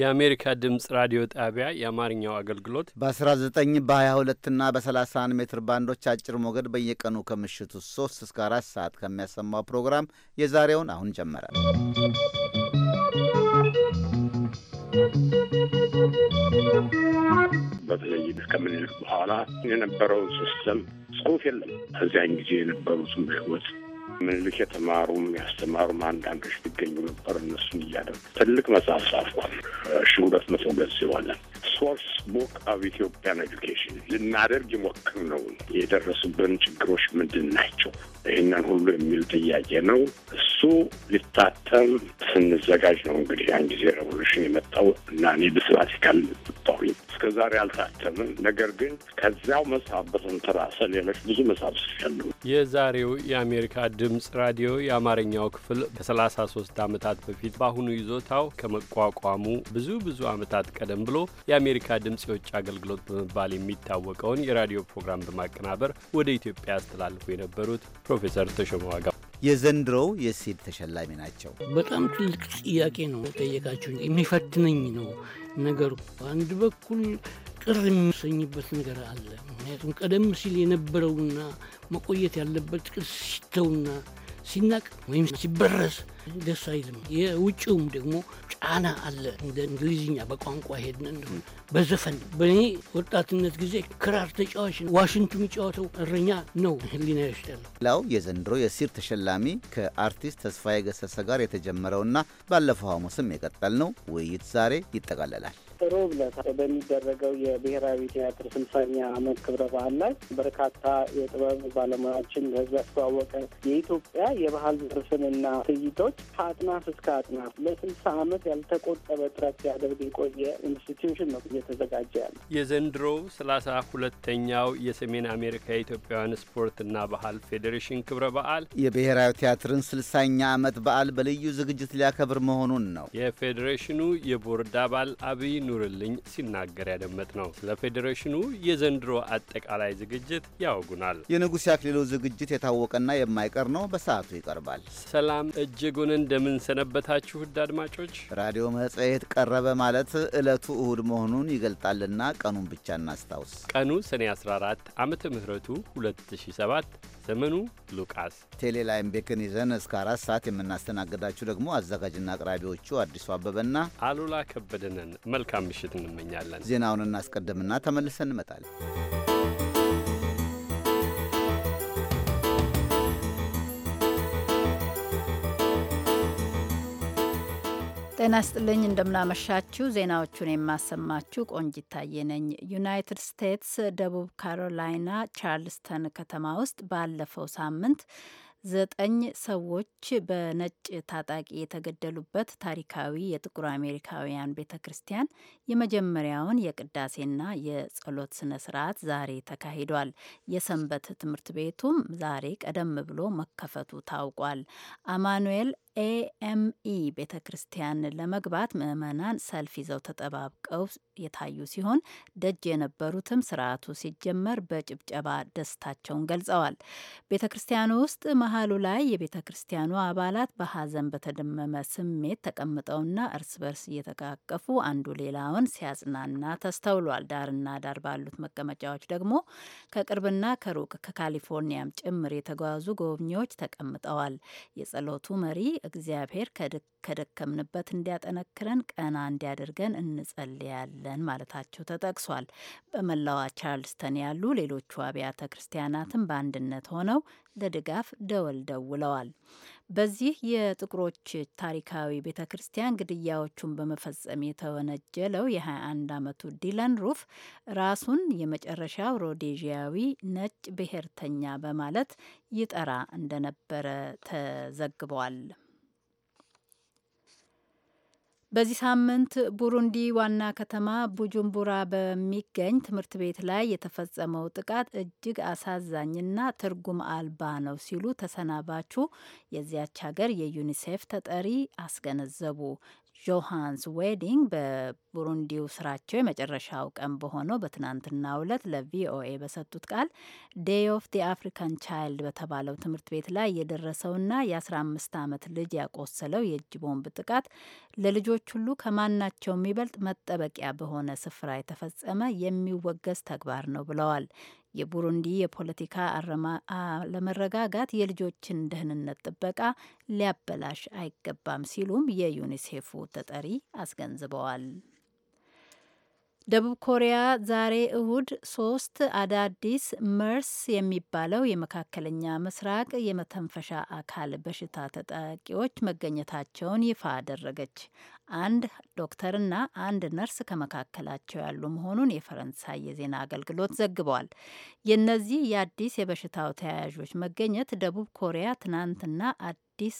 የአሜሪካ ድምፅ ራዲዮ ጣቢያ የአማርኛው አገልግሎት በ19 በ22 እና በ31 ሜትር ባንዶች አጭር ሞገድ በየቀኑ ከምሽቱ 3 እስከ 4 ሰዓት ከሚያሰማው ፕሮግራም የዛሬውን አሁን ጀመረ። በተለይ እስከ በኋላ የነበረው ሲስተም ጽሁፍ የለም። ከዚያን ጊዜ የነበሩትም ህይወት ምኒልክ የተማሩም ያስተማሩም አንዳንዶች ቢገኙ ነበር። እነሱን እያደረግ ትልቅ መጽሐፍ ጻፏል። ሺ ሁለት መቶ ገጽ ይሆናል። ሶርስ ቡክ ኦፍ ኢትዮጵያን ኤዱኬሽን ልናደርግ ይሞክር ነው። የደረሱብን ችግሮች ምንድን ናቸው? ይህንን ሁሉ የሚል ጥያቄ ነው። እሱ ሊታተም ስንዘጋጅ ነው እንግዲህ ያን ጊዜ ሬቮሉሽን የመጣው እና እኔ ብስባቲካል ወጣሁኝ። እስከ ዛሬ አልታተምም። ነገር ግን ከዚያው መጽሐፍ በተንተራሰ ሌሎች ብዙ መጽሐፍ ስያሉ የዛሬው የአሜሪካ ድምፅ ራዲዮ የአማርኛው ክፍል ከሰላሳ ሶስት ዓመታት በፊት በአሁኑ ይዞታው ከመቋቋሙ ብዙ ብዙ ዓመታት ቀደም ብሎ የአሜሪካ ድምፅ የውጭ አገልግሎት በመባል የሚታወቀውን የራዲዮ ፕሮግራም በማቀናበር ወደ ኢትዮጵያ ያስተላልፉ የነበሩት ፕሮፌሰር ተሾመ ዋጋ የዘንድሮው የሲድ ተሸላሚ ናቸው። በጣም ትልቅ ጥያቄ ነው ጠየቃችሁ። የሚፈትነኝ ነው ነገር በአንድ በኩል ቅር የሚሰኝበት ነገር አለ። ምክንያቱም ቀደም ሲል የነበረውና መቆየት ያለበት ቅር ሲተውና ሲናቅ ወይም ሲበረስ ደስ አይልም። የውጭውም ደግሞ ጫና አለ። እንደ እንግሊዝኛ በቋንቋ ሄድን እንደሆነ በዘፈን በእኔ ወጣትነት ጊዜ ክራር ተጫዋች ዋሽንቱ የሚጫወተው እረኛ ነው። ህሊና ይወስዳል። ሌላው የዘንድሮ የሲር ተሸላሚ ከአርቲስት ተስፋዬ ገሰሰ ጋር የተጀመረውና ባለፈው ሐሙስም የቀጠል ነው ውይይት ዛሬ ይጠቃለላል። ሮብ ዕለት በሚደረገው የብሔራዊ ቲያትር ስልሳኛ ዓመት ክብረ በዓል ላይ በርካታ የጥበብ ባለሙያዎችን ለሕዝብ ያስተዋወቀ የኢትዮጵያ የባህል ዘርፍንና ትይቶች ከአጥናፍ እስከ አጥናፍ ለስልሳ ዓመት ያልተቆጠበ ጥረት ሲያደርግ የቆየ ኢንስቲትዩሽን ነው እየተዘጋጀ ያለ የዘንድሮው ሰላሳ ሁለተኛው የሰሜን አሜሪካ የኢትዮጵያውያን ስፖርትና ባህል ፌዴሬሽን ክብረ በዓል የብሔራዊ ቲያትርን ስልሳኛ ዓመት በዓል በልዩ ዝግጅት ሊያከብር መሆኑን ነው የፌዴሬሽኑ የቦርድ አባል አብይ ይኑርልኝ ሲናገር ያደመጥ ነው። ስለ ፌዴሬሽኑ የዘንድሮ አጠቃላይ ዝግጅት ያወጉናል። የንጉሴ አክሊሉ ዝግጅት የታወቀና የማይቀር ነው። በሰዓቱ ይቀርባል። ሰላም እጅጉን እንደምንሰነበታችሁ ውድ አድማጮች። ራዲዮ መጽሔት ቀረበ ማለት ዕለቱ እሁድ መሆኑን ይገልጣልና ቀኑን ብቻ እናስታውስ። ቀኑ ሰኔ 14 ዓመተ ምህረቱ 2007 ዘመኑ ሉቃስ ቴሌላይም ቤክን ይዘን እስከ አራት ሰዓት የምናስተናግዳችሁ ደግሞ አዘጋጅና አቅራቢዎቹ አዲሱ አበበና አሉላ ከበደንን መልካም ምሽት እንመኛለን። ዜናውን እናስቀድምና ተመልሰን እንመጣለን። ጤና ስጥልኝ እንደምናመሻችሁ። ዜናዎቹን የማሰማችሁ ቆንጅ ታየ ነኝ። ዩናይትድ ስቴትስ ደቡብ ካሮላይና ቻርልስተን ከተማ ውስጥ ባለፈው ሳምንት ዘጠኝ ሰዎች በነጭ ታጣቂ የተገደሉበት ታሪካዊ የጥቁር አሜሪካውያን ቤተ ክርስቲያን የመጀመሪያውን የቅዳሴና የጸሎት ስነ ስርዓት ዛሬ ተካሂዷል። የሰንበት ትምህርት ቤቱም ዛሬ ቀደም ብሎ መከፈቱ ታውቋል። አማኑኤል ኤኤምኢ ቤተ ክርስቲያን ለመግባት ምዕመናን ሰልፍ ይዘው ተጠባብቀው የታዩ ሲሆን ደጅ የነበሩትም ስርዓቱ ሲጀመር በጭብጨባ ደስታቸውን ገልጸዋል። ቤተ ክርስቲያኑ ውስጥ መሀሉ ላይ የቤተ ክርስቲያኑ አባላት በሀዘን በተደመመ ስሜት ተቀምጠውና እርስ በርስ እየተቃቀፉ አንዱ ሌላውን ሲያጽናና ተስተውሏል። ዳርና ዳር ባሉት መቀመጫዎች ደግሞ ከቅርብና ከሩቅ ከካሊፎርኒያም ጭምር የተጓዙ ጎብኚዎች ተቀምጠዋል። የጸሎቱ መሪ እግዚአብሔር ከደከምንበት እንዲያጠነክረን፣ ቀና እንዲያደርገን እንጸልያለን ማለታቸው ተጠቅሷል። በመላዋ ቻርልስተን ያሉ ሌሎቹ አብያተ ክርስቲያናትም በአንድነት ሆነው ለድጋፍ ደወል ደውለዋል። በዚህ የጥቁሮች ታሪካዊ ቤተ ክርስቲያን ግድያዎቹን በመፈጸም የተወነጀለው የ21 ዓመቱ ዲለን ሩፍ ራሱን የመጨረሻው ሮዴዥያዊ ነጭ ብሔርተኛ በማለት ይጠራ እንደነበረ ተዘግቧል። በዚህ ሳምንት ቡሩንዲ ዋና ከተማ ቡጁምቡራ በሚገኝ ትምህርት ቤት ላይ የተፈጸመው ጥቃት እጅግ አሳዛኝና ትርጉም አልባ ነው ሲሉ ተሰናባቹ የዚያች ሀገር የዩኒሴፍ ተጠሪ አስገነዘቡ። ጆሃንስ ዌዲንግ ቡሩንዲው ስራቸው የመጨረሻው ቀን በሆነው በትናንትናው ዕለት ለቪኦኤ በሰጡት ቃል ዴይ ኦፍ ዲ አፍሪካን ቻይልድ በተባለው ትምህርት ቤት ላይ የደረሰውና የ15 ዓመት ልጅ ያቆሰለው የእጅ ቦምብ ጥቃት ለልጆች ሁሉ ከማናቸው የሚበልጥ መጠበቂያ በሆነ ስፍራ የተፈጸመ የሚወገዝ ተግባር ነው ብለዋል። የቡሩንዲ የፖለቲካ አለመረጋጋት የልጆችን ደህንነት ጥበቃ ሊያበላሽ አይገባም ሲሉም የዩኒሴፉ ተጠሪ አስገንዝበዋል። ደቡብ ኮሪያ ዛሬ እሁድ ሶስት አዳዲስ መርስ የሚባለው የመካከለኛ ምስራቅ የመተንፈሻ አካል በሽታ ተጠቂዎች መገኘታቸውን ይፋ አደረገች። አንድ ዶክተርና አንድ ነርስ ከመካከላቸው ያሉ መሆኑን የፈረንሳይ የዜና አገልግሎት ዘግበዋል። የእነዚህ የአዲስ የበሽታው ተያያዦች መገኘት ደቡብ ኮሪያ ትናንትና አዲስ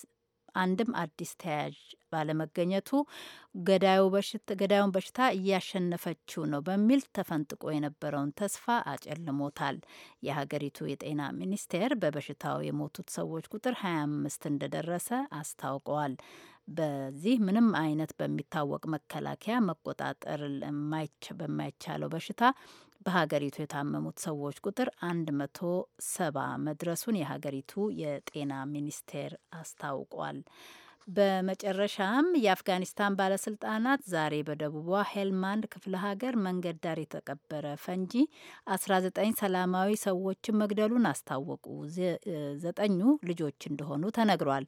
አንድም አዲስ ተያያዥ ባለመገኘቱ ገዳዩን በሽታ እያሸነፈችው ነው በሚል ተፈንጥቆ የነበረውን ተስፋ አጨልሞታል። የሀገሪቱ የጤና ሚኒስቴር በበሽታው የሞቱት ሰዎች ቁጥር 25 እንደደረሰ አስታውቀዋል። በዚህ ምንም አይነት በሚታወቅ መከላከያ መቆጣጠር በማይቻለው በሽታ በሀገሪቱ የታመሙት ሰዎች ቁጥር 1መቶ ሰባ መድረሱን የሀገሪቱ የጤና ሚኒስቴር አስታውቋል። በመጨረሻም የአፍጋኒስታን ባለስልጣናት ዛሬ በደቡቧ ሄልማንድ ክፍለ ሀገር መንገድ ዳር የተቀበረ ፈንጂ 19 ሰላማዊ ሰዎችን መግደሉን አስታወቁ። ዘጠኙ ልጆች እንደሆኑ ተነግሯል።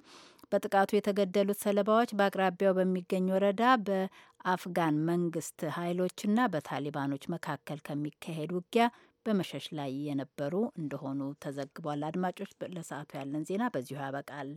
በጥቃቱ የተገደሉት ሰለባዎች በአቅራቢያው በሚገኝ ወረዳ በ አፍጋን መንግስት ኃይሎችና በታሊባኖች መካከል ከሚካሄድ ውጊያ በመሸሽ ላይ የነበሩ እንደሆኑ ተዘግቧል። አድማጮች፣ ለሰዓቱ ያለን ዜና በዚሁ ያበቃል።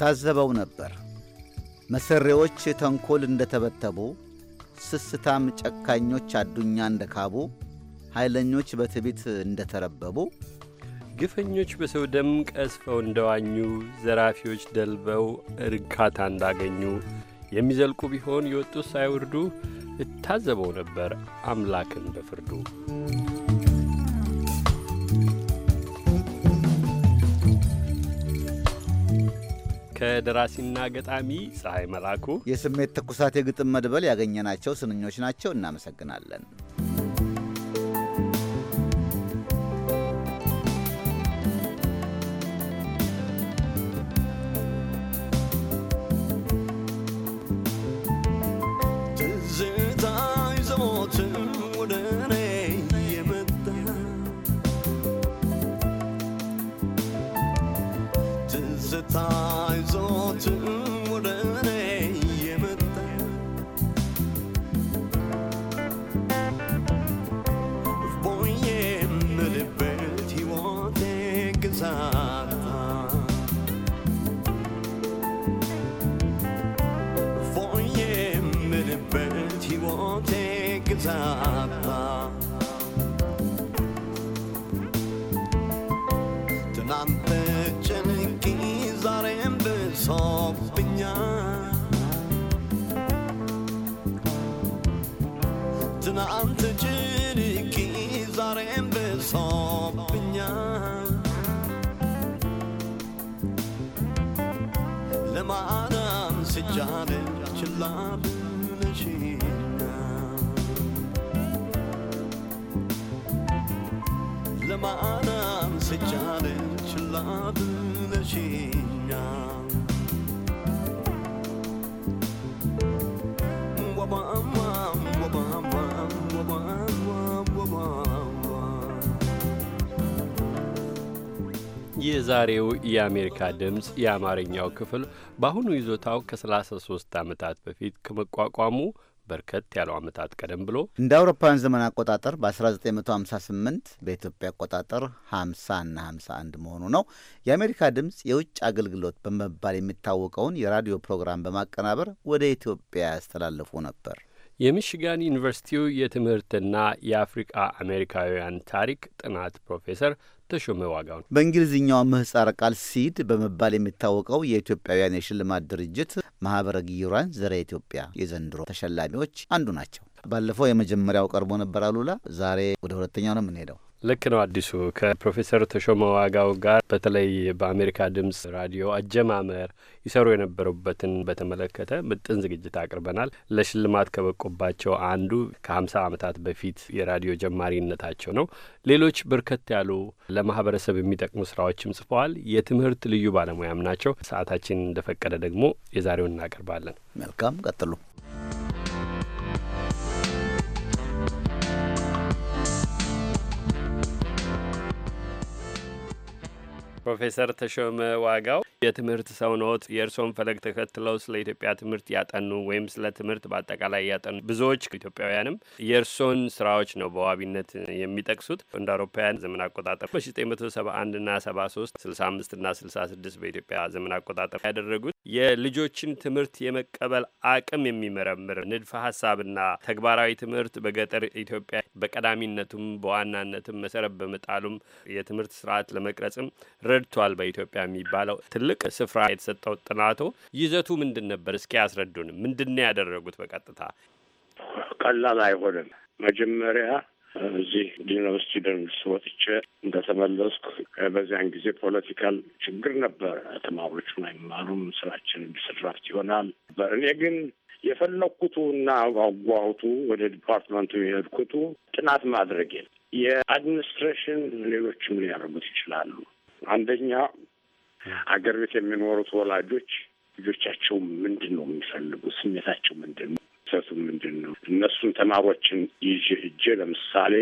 ታዘበው ነበር። መሰሪዎች ተንኮል እንደተበተቡ፣ ስስታም ጨካኞች አዱኛ ካቡ፣ ኃይለኞች በትቢት እንደተረበቡ፣ ግፈኞች በሰው ደም ቀስፈው እንደዋኙ፣ ዘራፊዎች ደልበው እርካታ እንዳገኙ፣ የሚዘልቁ ቢሆን የወጡት ሳይወርዱ እታዘበው ነበር አምላክን በፍርዱ። ከደራሲና ገጣሚ ፀሐይ መላኩ፣ የስሜት ትኩሳት የግጥም መድበል ያገኘናቸው ስንኞች ናቸው። እናመሰግናለን። kitapta ትናንት ጭንቂ ዛሬም ብሶብኛል ትናንት ጭንቂ ዛሬም ብሶብኛል ለማዳም ስጃ የዛሬው የአሜሪካ ድምፅ የአማርኛው ክፍል በአሁኑ ይዞታው ከ33 ዓመታት በፊት ከመቋቋሙ በርከት ያለው ዓመታት ቀደም ብሎ እንደ አውሮፓውያን ዘመን አቆጣጠር በ1958 በኢትዮጵያ አቆጣጠር 50 እና 51 መሆኑ ነው። የአሜሪካ ድምፅ የውጭ አገልግሎት በመባል የሚታወቀውን የራዲዮ ፕሮግራም በማቀናበር ወደ ኢትዮጵያ ያስተላለፉ ነበር። የሚሽጋን ዩኒቨርሲቲው የትምህርትና የአፍሪቃ አሜሪካውያን ታሪክ ጥናት ፕሮፌሰር ተሾመ ዋጋው በእንግሊዝኛው ምህጻረ ቃል ሲድ በመባል የሚታወቀው የኢትዮጵያውያን የሽልማት ድርጅት ማህበረ ጊዮራን ዘረ ኢትዮጵያ የዘንድሮ ተሸላሚዎች አንዱ ናቸው። ባለፈው የመጀመሪያው ቀርቦ ነበር አሉላ። ዛሬ ወደ ሁለተኛው ነው የምንሄደው። ልክ ነው አዲሱ ከፕሮፌሰር ተሾመ ዋጋው ጋር በተለይ በአሜሪካ ድምጽ ራዲዮ አጀማመር ይሰሩ የነበሩበትን በተመለከተ ምጥን ዝግጅት አቅርበናል። ለሽልማት ከበቁባቸው አንዱ ከሀምሳ ዓመታት በፊት የራዲዮ ጀማሪነታቸው ነው። ሌሎች በርከት ያሉ ለማህበረሰብ የሚጠቅሙ ስራዎችም ጽፈዋል። የትምህርት ልዩ ባለሙያም ናቸው። ሰዓታችን እንደፈቀደ ደግሞ የዛሬውን እናቀርባለን። መልካም ቀጥሉ። ፕሮፌሰር ተሾመ ዋጋው የትምህርት ሰው ኖት። የእርስዎን ፈለግ ተከትለው ስለ ኢትዮጵያ ትምህርት ያጠኑ ወይም ስለ ትምህርት በአጠቃላይ ያጠኑ ብዙዎች ኢትዮጵያውያንም የእርስዎን ስራዎች ነው በዋቢነት የሚጠቅሱት። እንደ አውሮፓውያን ዘመን አቆጣጠር በ1971 እና 73፣ 65 እና 66 በኢትዮጵያ ዘመን አቆጣጠር ያደረጉት የልጆችን ትምህርት የመቀበል አቅም የሚመረምር ንድፈ ሀሳብና ተግባራዊ ትምህርት በገጠር ኢትዮጵያ በቀዳሚነቱም በዋናነትም መሰረት በመጣሉም የትምህርት ስርዓት ለመቅረጽም ረድቷል በኢትዮጵያ የሚባለው ትልቅ ስፍራ የተሰጠው ጥናቶ ይዘቱ ምንድን ነበር? እስኪ ያስረዱን። ምንድን ነው ያደረጉት? በቀጥታ ቀላል አይሆንም። መጀመሪያ እዚህ ዩኒቨርሲቲ ደንግስ ወጥቼ እንደተመለስኩ በዚያን ጊዜ ፖለቲካል ችግር ነበር። ተማሪዎቹም አይማሩም፣ ስራችን ዲስራፕት ይሆናል። እኔ ግን የፈለግኩቱ እና ጓጓሁቱ ወደ ዲፓርትመንቱ የሄድኩቱ ጥናት ማድረግ የአድሚኒስትሬሽን ሌሎችም ሊያደርጉት ይችላሉ። አንደኛ አገር ቤት የሚኖሩት ወላጆች ልጆቻቸው ምንድን ነው የሚፈልጉ? ስሜታቸው ምንድን ነው? ሰቱ ምንድን ነው? እነሱን ተማሪዎችን ይዤ እጄ ለምሳሌ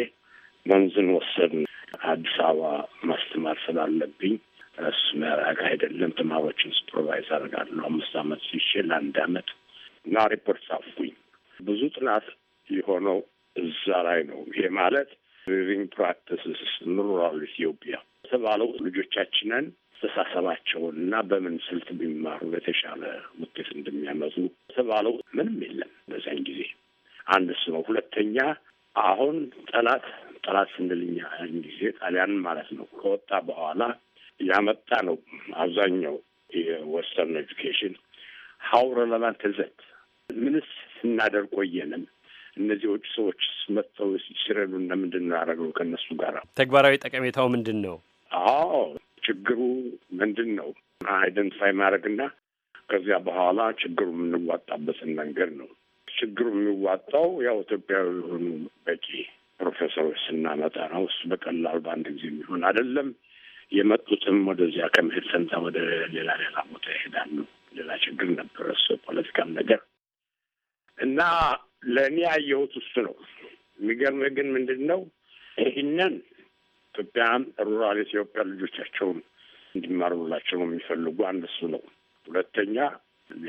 መንዝን ወሰድን። አዲስ አበባ ማስተማር ስላለብኝ እሱ መራቅ አይደለም። ተማሪዎችን ሱፐርቫይዝ አደርጋለሁ። አምስት አመት ይዤ ለአንድ አመት እና ሪፖርት ጻፍኩኝ። ብዙ ጥናት የሆነው እዛ ላይ ነው። ይሄ ማለት ሪቪንግ ፕራክቲስስ ሩራል ኢትዮጵያ የተባለው ልጆቻችንን አስተሳሰባቸውን እና በምን ስልት ቢማሩ ለተሻለ ውጤት እንደሚያመጡ የተባለው ምንም የለም በዚያን ጊዜ አንድ እሱ ነው። ሁለተኛ አሁን ጠላት ጠላት ስንልኛ ጊዜ ጣሊያን ማለት ነው ከወጣ በኋላ ያመጣ ነው አብዛኛው የወስተርን ኤዱኬሽን ሀው ረለቫንት ዘት ምንስ ስናደር ቆየንም እነዚህ ውጭ ሰዎች መጥተው ሲረዱ እንደምንድን ነው ያደረገው? ከእነሱ ጋር ተግባራዊ ጠቀሜታው ምንድን ነው? አዎ ችግሩ ምንድን ነው አይደንቲፋይ ማድረግና ከዚያ በኋላ ችግሩ የምንዋጣበትን መንገድ ነው። ችግሩ የሚዋጣው ያው ኢትዮጵያዊ የሆኑ በቂ ፕሮፌሰሮች ስናመጣ ነው። እሱ በቀላል በአንድ ጊዜ የሚሆን አይደለም። የመጡትም ወደዚያ ከመሄድ ፈንታ ወደ ሌላ ሌላ ቦታ ይሄዳሉ። ሌላ ችግር ነበረ እሱ ፖለቲካም ነገር እና ለእኔ ያየሁት እሱ ነው። የሚገርምህ ግን ምንድን ነው ይህንን ኢትዮጵያን ሩራል ኢትዮጵያ ልጆቻቸውን እንዲማሩላቸው ነው የሚፈልጉ አንድ እሱ ነው። ሁለተኛ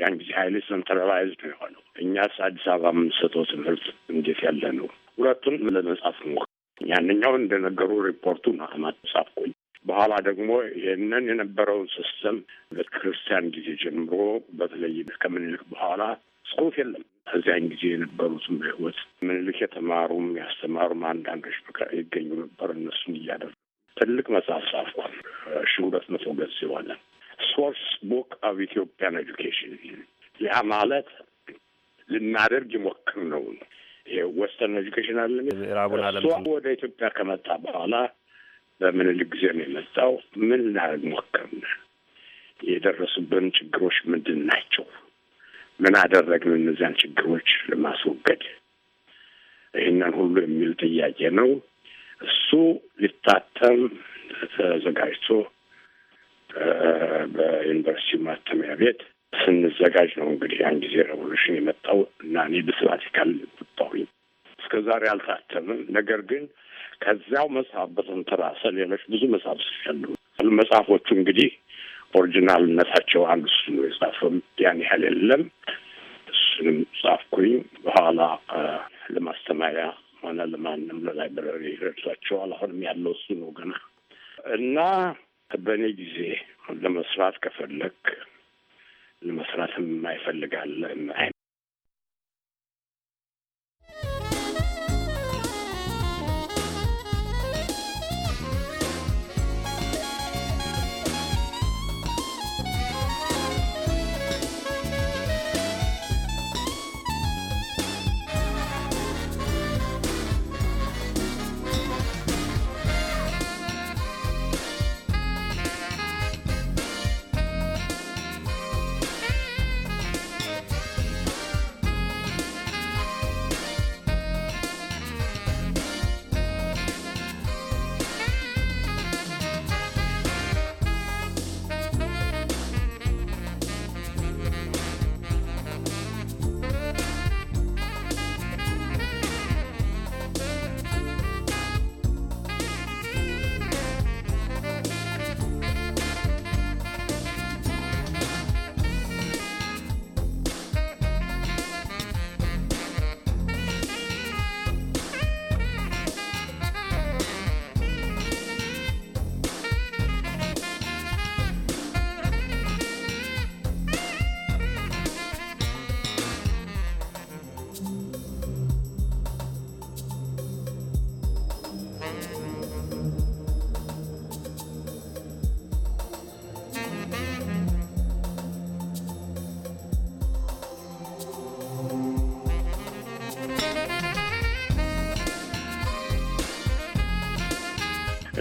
ያን ጊዜ ሀይሌ ሰንትራላይዝድ ነው የሆነው። እኛስ አዲስ አበባ የምንሰጠው ትምህርት እንዴት ያለ ነው? ሁለቱን ለመጻፍ ሞ ያንኛው እንደነገሩ ሪፖርቱ አማት ጻፍኩኝ። በኋላ ደግሞ ይህንን የነበረውን ሲስተም ቤተክርስቲያን ጊዜ ጀምሮ በተለይ ከምኒልክ በኋላ ጽሁፍ የለም ከዚያን ጊዜ የነበሩትም በህይወት ምኒልክ የተማሩም ያስተማሩም አንዳንዶች ይገኙ ነበር። እነሱን እያደረጉ ትልቅ መጽሐፍ ጻፏል። ሺ ሁለት መቶ ገጽ የሆነ ሶርስ ቡክ ኦፍ ኢትዮጵያን ኤዱኬሽን። ያ ማለት ልናደርግ ይሞክር ነው። የወስተርን ኤዱኬሽን አለ እሷ ወደ ኢትዮጵያ ከመጣ በኋላ በምኒልክ ጊዜ ነው የመጣው። ምን ልናደርግ ሞክርን? የደረሱብን ችግሮች ምንድን ናቸው? ምን አደረግን እነዚያን ችግሮች ለማስወገድ? ይህንን ሁሉ የሚል ጥያቄ ነው። እሱ ሊታተም ተዘጋጅቶ በዩኒቨርሲቲ ማተሚያ ቤት ስንዘጋጅ ነው እንግዲህ ያን ጊዜ ሬቮሉሽን የመጣው እና እኔ ብስባት ካል ቁጣሁኝ እስከ ዛሬ አልታተምም። ነገር ግን ከዚያው መጽሐፍ በተንተራሰ ሌሎች ብዙ መጽሐፍ ያሉ መጽሐፎቹ እንግዲህ ኦሪጂናልነታቸው አንድ እሱ ነው። የጻፈም ያን ያህል የለም። እሱንም ጻፍኩኝ። በኋላ ለማስተማሪያ ሆነ ለማንም ለላይብረሪ ረድቷቸዋል። አሁንም ያለው እሱ ነው ገና እና በእኔ ጊዜ ለመስራት ከፈለግ ለመስራትም የማይፈልጋለ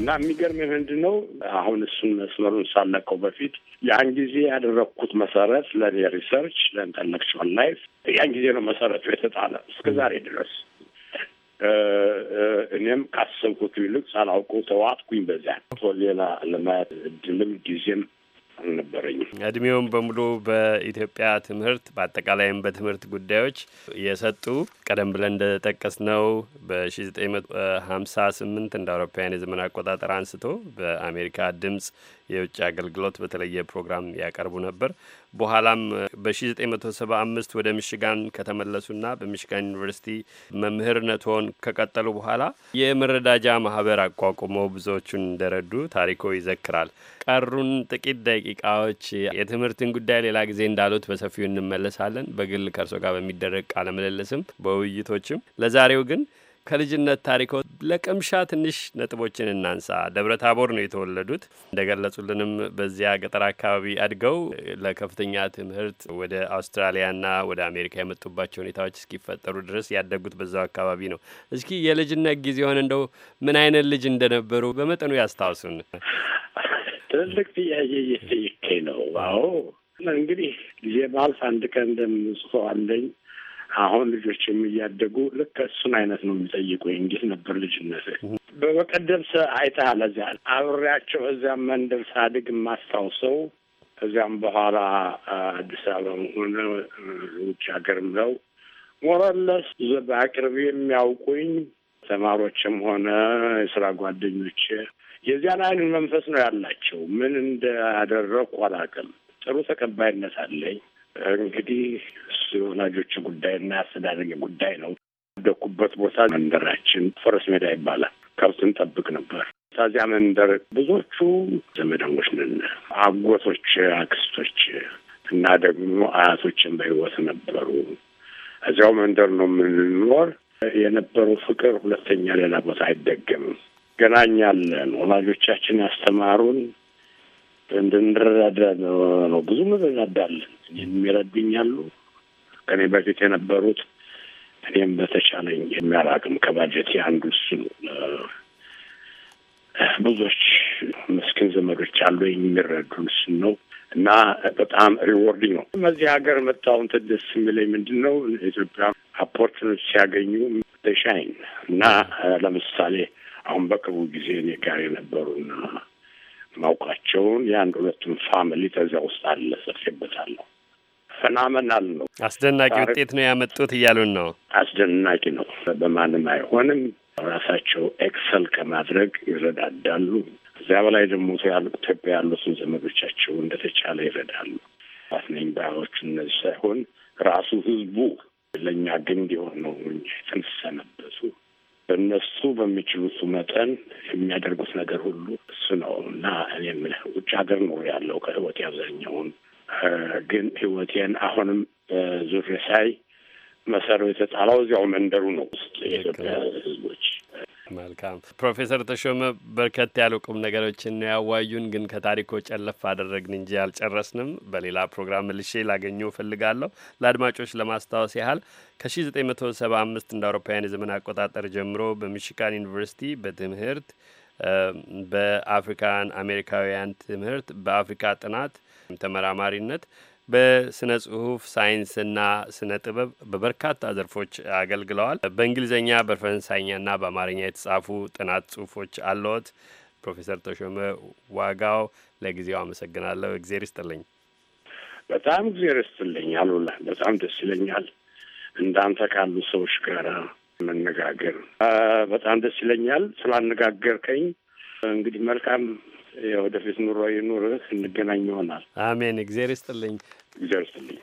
እና የሚገርም ምንድን ነው አሁን እሱን መስመሩን ሳለቀው በፊት ያን ጊዜ ያደረግኩት መሰረት ለእኔ ሪሰርች ለኢንተሌክቹዋል ላይፍ ያን ጊዜ ነው መሰረቱ የተጣለ እስከ ዛሬ ድረስ እኔም ካሰብኩት ይልቅ ሳላውቀው ተዋጥኩኝ። በዚያ ሌላ ለማየት እድልም ጊዜም አልነበረኝም። እድሜውን በሙሉ በኢትዮጵያ ትምህርት በአጠቃላይም በትምህርት ጉዳዮች የሰጡ ቀደም ብለን እንደጠቀስ ነው በ1958 እንደ አውሮፓውያን የዘመን አቆጣጠር አንስቶ በአሜሪካ ድምጽ የውጭ አገልግሎት በተለየ ፕሮግራም ያቀርቡ ነበር። በኋላም በ1975 ወደ ሚሽጋን ከተመለሱና በሚሽጋን ዩኒቨርሲቲ መምህርነትን ከቀጠሉ በኋላ የመረዳጃ ማህበር አቋቁመው ብዙዎቹን እንደረዱ ታሪኮ ይዘክራል። ቀሩን ጥቂት ደቂቃዎች የትምህርትን ጉዳይ ሌላ ጊዜ እንዳሉት በሰፊው እንመለሳለን። በግል ከእርሶ ጋር በሚደረግ ቃለምልልስም በውይይቶችም ለዛሬው ግን ከልጅነት ታሪኮ ለቅምሻ ትንሽ ነጥቦችን እናንሳ። ደብረ ታቦር ነው የተወለዱት። እንደገለጹልንም በዚያ ገጠር አካባቢ አድገው ለከፍተኛ ትምህርት ወደ አውስትራሊያና ወደ አሜሪካ የመጡባቸው ሁኔታዎች እስኪፈጠሩ ድረስ ያደጉት በዛው አካባቢ ነው። እስኪ የልጅነት ጊዜ የሆነ እንደው ምን አይነት ልጅ እንደነበሩ በመጠኑ ያስታውሱን። ትልቅ ጥያቄ እየጠየከኝ ነው። አዎ እንግዲህ ጊዜ ባልፍ አንድ ቀን እንደምጽፈው አለኝ አሁን ልጆችም እያደጉ ልክ እሱን አይነት ነው የሚጠይቁ። እንዴት ነበር ልጅነትህ? በበቀደም አይተሃል። እዚያ አብሬያቸው እዚያም መንደር ሳድግ የማስታውሰው እዚያም በኋላ አዲስ አበባ ሆነ ውጭ ሀገር ምለው ሞረለስ በአቅርቢ የሚያውቁኝ ተማሪዎችም ሆነ የስራ ጓደኞች የዚያን አይነት መንፈስ ነው ያላቸው። ምን እንዳደረግኩ አላውቅም። ጥሩ ተቀባይነት አለኝ። እንግዲህ የወላጆች ጉዳይና የአስተዳደግ ጉዳይ ነው። ደኩበት ቦታ መንደራችን ፎረስ ሜዳ ይባላል። ከብትን ጠብቅ ነበር። ታዚያ መንደር ብዙዎቹ ዘመዳሞች ነን። አጎቶች፣ አክስቶች እና ደግሞ አያቶችን በህይወት ነበሩ። እዚያው መንደር ነው የምንኖር የነበረው ፍቅር ሁለተኛ ሌላ ቦታ አይደገምም። ገናኛለን ወላጆቻችን ያስተማሩን እንድንረዳዳ ነው። ብዙ እንረዳዳለን። የሚረዱኝ አሉ። ከኔ በፊት የነበሩት እኔም በተቻለኝ የሚያል ከባጀት አንዱ እሱ ብዙዎች ምስኪን ዘመዶች አሉ የሚረዱን እሱን ነው እና በጣም ሪዎርድ ነው። እዚህ ሀገር መጣሁን ደስ የሚለኝ ምንድን ነው ኢትዮጵያ ኦፖርቹኒቲ ሲያገኙ ተሻይን እና ለምሳሌ አሁን በቅርቡ ጊዜ እኔ ጋር የነበሩና ማውቃቸውን የአንድ ሁለቱን ፋሚሊ ከዚያ ውስጥ አለ ሰፌበታለሁ። ፈናመናል ነው። አስደናቂ ውጤት ነው ያመጡት እያሉን ነው። አስደናቂ ነው። በማንም አይሆንም። ራሳቸው ኤክሰል ከማድረግ ይረዳዳሉ። እዚያ በላይ ደግሞ ኢትዮጵያ ያሉትን ዘመዶቻቸው እንደተቻለ ይረዳሉ። አትነኝ ባዮቹ እነዚህ ሳይሆን ራሱ ህዝቡ ለእኛ ግንድ የሆነው የተነሰነበቱ እነሱ በሚችሉት መጠን የሚያደርጉት ነገር ሁሉ እሱ ነው እና እኔ የምልህ ውጭ ሀገር ኖር ያለው ከህይወቴ አብዛኛውን ግን ህይወቴን አሁንም ዙሬ ሳይ መሰረው የተጣላው እዚያው መንደሩ ነው ውስጥ የኢትዮጵያ ህዝቦች መልካም ፕሮፌሰር ተሾመ በርከት ያሉ ቁም ነገሮችን ያዋዩን፣ ግን ከታሪኮ ጨለፍ አደረግን እንጂ አልጨረስንም። በሌላ ፕሮግራም ልሼ ላገኘው ፈልጋለሁ። ለአድማጮች ለማስታወስ ያህል ከ1975 እንደ አውሮፓውያን የዘመን አቆጣጠር ጀምሮ በሚሽጋን ዩኒቨርሲቲ በትምህርት በአፍሪካን አሜሪካውያን ትምህርት በአፍሪካ ጥናት ተመራማሪነት በስነ ጽሁፍ ሳይንስና ስነ ጥበብ በበርካታ ዘርፎች አገልግለዋል። በእንግሊዝኛ በፈረንሳይኛና በአማርኛ የተጻፉ ጥናት ጽሁፎች አለዎት። ፕሮፌሰር ተሾመ ዋጋው ለጊዜው አመሰግናለሁ። እግዜር ይስጥልኝ። በጣም እግዜር ይስጥልኝ አሉላ። በጣም ደስ ይለኛል እንዳንተ ካሉ ሰዎች ጋር መነጋገር። በጣም ደስ ይለኛል ስላነጋገርከኝ። እንግዲህ መልካም ወደፊት ኑሮ ይኑርህ፣ እንገናኝ ይሆናል። አሜን። እግዜር ይስጥልኝ። እግዜር ይስጥልኝ።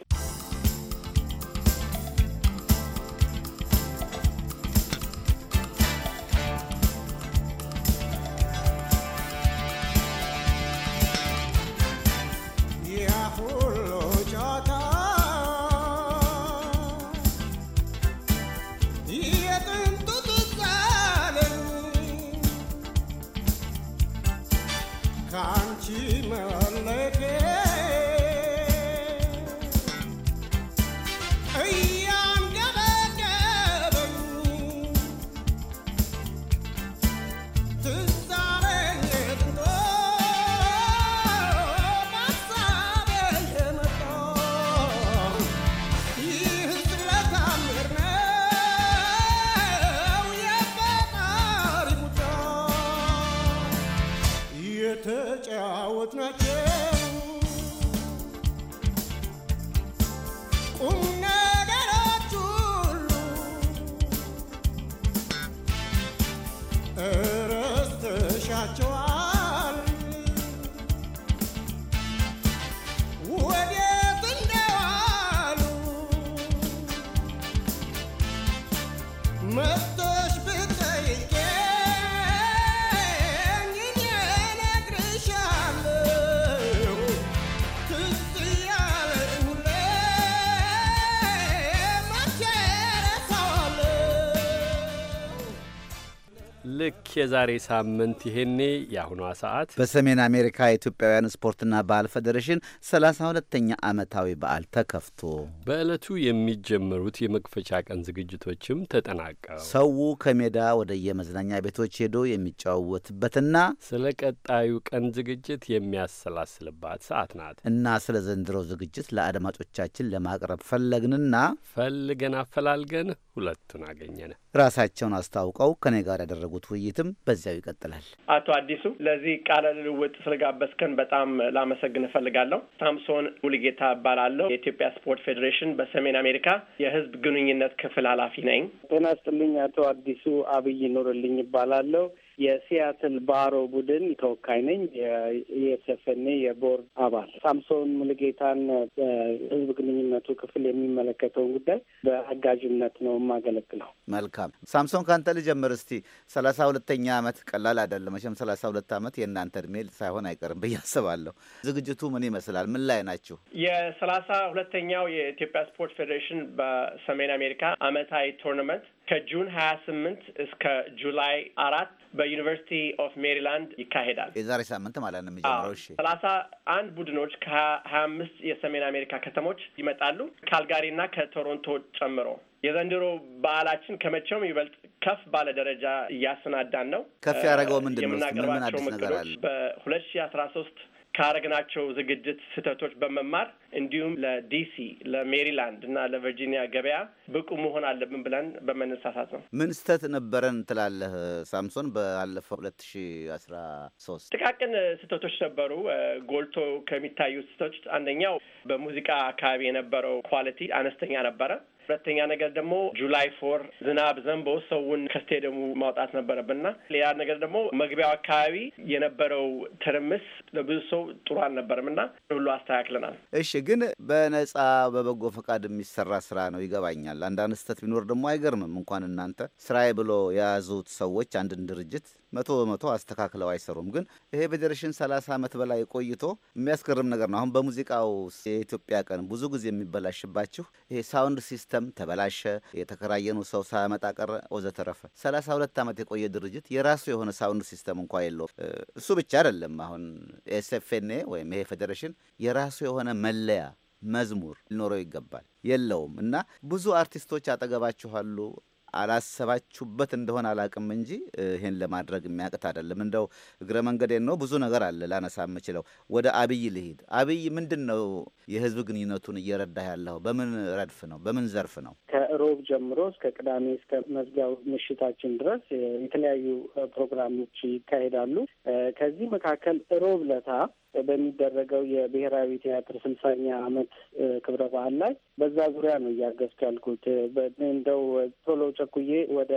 የዛሬ ሳምንት ይሄኔ የአሁኗ ሰዓት በሰሜን አሜሪካ የኢትዮጵያውያን ስፖርትና ባህል ፌዴሬሽን 32 ሁለተኛ ዓመታዊ በዓል ተከፍቶ በዕለቱ የሚጀመሩት የመክፈቻ ቀን ዝግጅቶችም ተጠናቀው ሰው ከሜዳ ወደ የመዝናኛ ቤቶች ሄዶ የሚጫወትበትና ስለ ቀጣዩ ቀን ዝግጅት የሚያሰላስልባት ሰዓት ናት እና ስለ ዘንድሮ ዝግጅት ለአድማጮቻችን ለማቅረብ ፈለግንና ፈልገን አፈላልገን ሁለቱን አገኘን። ራሳቸውን አስታውቀው ከኔ ጋር ያደረጉት ውይይትም በዚያው ይቀጥላል። አቶ አዲሱ ለዚህ ቃል ቃለ ልውውጥ ስለጋበዝከን በጣም ላመሰግን እፈልጋለሁ። ሳምሶን ሙልጌታ እባላለሁ። የኢትዮጵያ ስፖርት ፌዴሬሽን በሰሜን አሜሪካ የህዝብ ግንኙነት ክፍል ኃላፊ ነኝ። ጤና ይስጥልኝ። አቶ አዲሱ አብይ ኑርልኝ እባላለሁ። የሲያትል ባሮ ቡድን ተወካይ ነኝ። የኢኤስኤፍኔ የቦርድ አባል ሳምሶን ሙልጌታን በህዝብ ግንኙነቱ ክፍል የሚመለከተውን ጉዳይ በአጋዥነት ነው የማገለግለው። መልካም ሳምሶን፣ ከአንተ ልጀምር እስቲ። ሰላሳ ሁለተኛ አመት ቀላል አይደለም መቼም። ሰላሳ ሁለት አመት የእናንተ በእናንተ እድሜ ሳይሆን አይቀርም ብዬ አስባለሁ። ዝግጅቱ ምን ይመስላል? ምን ላይ ናችሁ? የሰላሳ ሁለተኛው የኢትዮጵያ ስፖርት ፌዴሬሽን በሰሜን አሜሪካ አመታዊ ቶርናመንት ከጁን ሀያ ስምንት እስከ ጁላይ አራት በዩኒቨርሲቲ ኦፍ ሜሪላንድ ይካሄዳል። የዛሬ ሳምንት ማለት ነው የሚጀምረው። እሺ ሰላሳ አንድ ቡድኖች ከሀያ አምስት የሰሜን አሜሪካ ከተሞች ይመጣሉ፣ ካልጋሪና ከቶሮንቶ ጨምሮ የዘንድሮ በዓላችን ከመቼውም ይበልጥ ከፍ ባለ ደረጃ እያሰናዳን ነው። ከፍ ያደረገው ምንድን ነው? የምናቀርባቸው ምክሮች በሁለት ሺ አስራ ሶስት ካረግናቸው ዝግጅት ስህተቶች በመማር እንዲሁም ለዲሲ ለሜሪላንድ እና ለቨርጂኒያ ገበያ ብቁ መሆን አለብን ብለን በመነሳሳት ነው። ምን ስህተት ነበረን ትላለህ ሳምሶን? በአለፈው ሁለት ሺ አስራ ሶስት ጥቃቅን ስህተቶች ነበሩ። ጎልቶ ከሚታዩ ስህተቶች አንደኛው በሙዚቃ አካባቢ የነበረው ኳሊቲ አነስተኛ ነበረ። ሁለተኛ ነገር ደግሞ ጁላይ ፎር ዝናብ ዘንቦ ሰውን ከስቴዲየሙ ማውጣት ነበረብንና፣ ሌላ ነገር ደግሞ መግቢያው አካባቢ የነበረው ትርምስ ለብዙ ሰው ጥሩ አልነበረም እና ሁሉ አስተካክለናል። እሺ ግን በነጻ በበጎ ፈቃድ የሚሰራ ስራ ነው ይገባኛል። አንዳንድ ስህተት ቢኖር ደግሞ አይገርምም። እንኳን እናንተ ስራዬ ብሎ የያዙት ሰዎች አንድን ድርጅት መቶ በመቶ አስተካክለው አይሰሩም። ግን ይሄ ፌዴሬሽን ሰላሳ ዓመት በላይ ቆይቶ የሚያስገርም ነገር ነው። አሁን በሙዚቃው የኢትዮጵያ ቀን ብዙ ጊዜ የሚበላሽባችሁ ይሄ ሳውንድ ሲስተም ተበላሸ፣ የተከራየኑ ሰው ሳያመጣ ቀረ፣ ወዘተረፈ። 32 ዓመት የቆየ ድርጅት የራሱ የሆነ ሳውንድ ሲስተም እንኳ የለው እሱ ብቻ አይደለም። አሁን ኤስኤፍኤንኤ ወይም ይሄ ፌዴሬሽን የራሱ የሆነ መለያ መዝሙር ሊኖረው ይገባል። የለውም እና ብዙ አርቲስቶች አጠገባችኋሉ አላሰባችሁበት እንደሆነ አላቅም እንጂ ይሄን ለማድረግ የሚያቅት አይደለም። እንደው እግረ መንገዴ ነው፣ ብዙ ነገር አለ ላነሳ የምችለው። ወደ አብይ ልሂድ። አብይ ምንድን ነው የህዝብ ግንኙነቱን እየረዳ ያለው? በምን ረድፍ ነው? በምን ዘርፍ ነው? ከሮብ ጀምሮ እስከ ቅዳሜ እስከ መዝጊያው ምሽታችን ድረስ የተለያዩ ፕሮግራሞች ይካሄዳሉ። ከዚህ መካከል ሮብ ለታ በሚደረገው የብሔራዊ ቲያትር ስልሳኛ ዓመት ክብረ በዓል ላይ በዛ ዙሪያ ነው እያገዝኩ ያልኩት። እንደው ቶሎ ቸኩዬ ወደ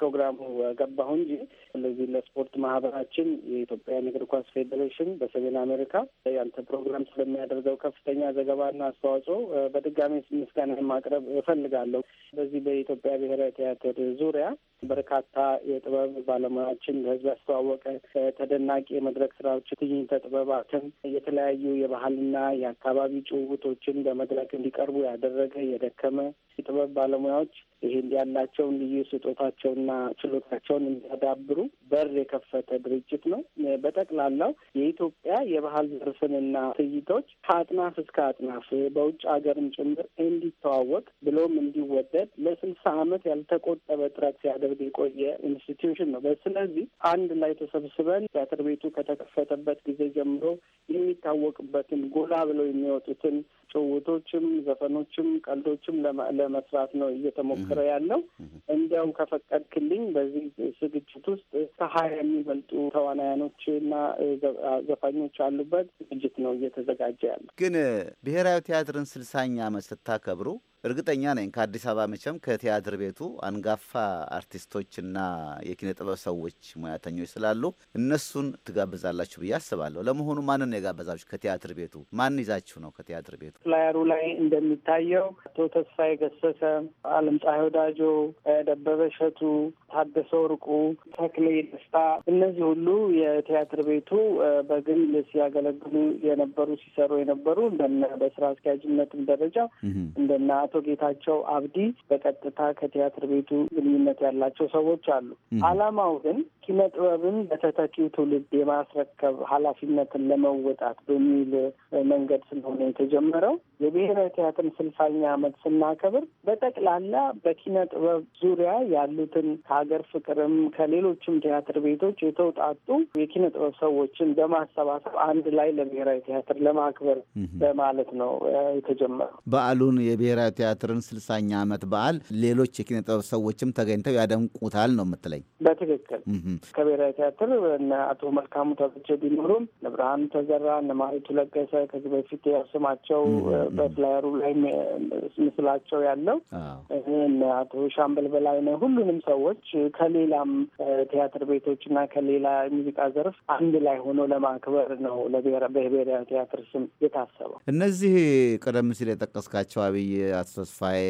ፕሮግራሙ ገባሁ እንጂ ስለዚህ ለስፖርት ማህበራችን የኢትዮጵያ እግር ኳስ ፌዴሬሽን በሰሜን አሜሪካ ያንተ ፕሮግራም ስለሚያደርገው ከፍተኛ ዘገባና አስተዋጽኦ በድጋሚ ምስጋና ማቅረብ እፈልጋለሁ። በዚህ በኢትዮጵያ ብሔራዊ ቲያትር ዙሪያ በርካታ የጥበብ ባለሙያዎችን ለህዝብ ያስተዋወቀ ተደናቂ የመድረክ ስራዎች፣ ትዕይንተ ጥበባት በማሳተም የተለያዩ የባህልና የአካባቢ ጭውውቶችን በመድረክ እንዲቀርቡ ያደረገ የደከመ የጥበብ ባለሙያዎች ይህን ያላቸውን ልዩ ስጦታቸውና ችሎታቸውን እንዲያዳብሩ በር የከፈተ ድርጅት ነው። በጠቅላላው የኢትዮጵያ የባህል ዘርፍንና ትዕይንቶች ከአጥናፍ እስከ አጥናፍ በውጭ ሀገርም ጭምር እንዲተዋወቅ ብሎም እንዲወደድ ለስልሳ ዓመት ያልተቆጠበ ጥረት ሲያደርግ የቆየ ኢንስቲትዩሽን ነው። ስለዚህ አንድ ላይ ተሰብስበን ቲያትር ቤቱ ከተከፈተበት ጊዜ ጀምሮ የሚታወቅበትን ጎላ ብለው የሚወጡትን ጭውውቶችም፣ ዘፈኖችም፣ ቀልዶችም ለመስራት ነው እየተሞከረ ያለው። እንዲያውም ከፈቀድክልኝ በዚህ ዝግጅት ውስጥ ከሀያ የሚበልጡ ተዋናያኖች እና ዘፋኞች አሉበት ዝግጅት ነው እየተዘጋጀ ያለው። ግን ብሔራዊ ቲያትርን ስልሳኛ ዓመት ስታከብሩ እርግጠኛ ነኝ ከአዲስ አበባ መቼም ከቲያትር ቤቱ አንጋፋ አርቲስቶችና የኪነ ጥበብ ሰዎች ሙያተኞች ስላሉ እነሱን ትጋብዛላችሁ ብዬ አስባለሁ። ለመሆኑ ማንን ነው የጋበዛችሁ? ከቲያትር ቤቱ ማን ይዛችሁ ነው ከቲያትር ቤቱ? ፍላየሩ ላይ እንደሚታየው አቶ ተስፋዬ ገሰሰ፣ አለም ፀሐይ ወዳጆ፣ ደበበ ሸቱ፣ ታደሰ ርቁ፣ ተክሌ ደስታ እነዚህ ሁሉ የቲያትር ቤቱ በግል ሲያገለግሉ የነበሩ ሲሰሩ የነበሩ እንደነ በስራ አስኪያጅነትም ደረጃ እንደነ አቶ ጌታቸው አብዲ በቀጥታ ከቲያትር ቤቱ ግንኙነት ያላቸው ሰዎች አሉ። አላማው ግን ኪነ ጥበብን ለተተኪው ትውልድ የማስረከብ ኃላፊነትን ለመወጣት በሚል መንገድ ስለሆነ የተጀመረው የብሔራዊ ቲያትርን ስልሳኛ ዓመት ስናከብር በጠቅላላ በኪነ ጥበብ ዙሪያ ያሉትን ከሀገር ፍቅርም ከሌሎችም ቲያትር ቤቶች የተውጣጡ የኪነ ጥበብ ሰዎችን በማሰባሰብ አንድ ላይ ለብሔራዊ ቲያትር ለማክበር በማለት ነው የተጀመረው። በዓሉን የብሔራዊ ቲያትርን ስልሳኛ ዓመት በዓል ሌሎች የኪነ ጥበብ ሰዎችም ተገኝተው ያደምቁታል ነው የምትለኝ? በትክክል ከብሔራዊ ቲያትር እነ አቶ መልካሙ ተብቼ ቢኖሩም እነ ብርሃኑ ተዘራ፣ እነ ማሪቱ ለገሰ ከዚህ በፊት ያስማቸው በፍላየሩ ላይ ምስላቸው ያለው እነ አቶ ሻምበል በላይነህ ሁሉንም ሰዎች ከሌላም ቲያትር ቤቶች እና ከሌላ ሙዚቃ ዘርፍ አንድ ላይ ሆኖ ለማክበር ነው በብሔራዊ ቲያትር ስም የታሰበው። እነዚህ ቀደም ሲል የጠቀስካቸው አብይ፣ አቶ ተስፋዬ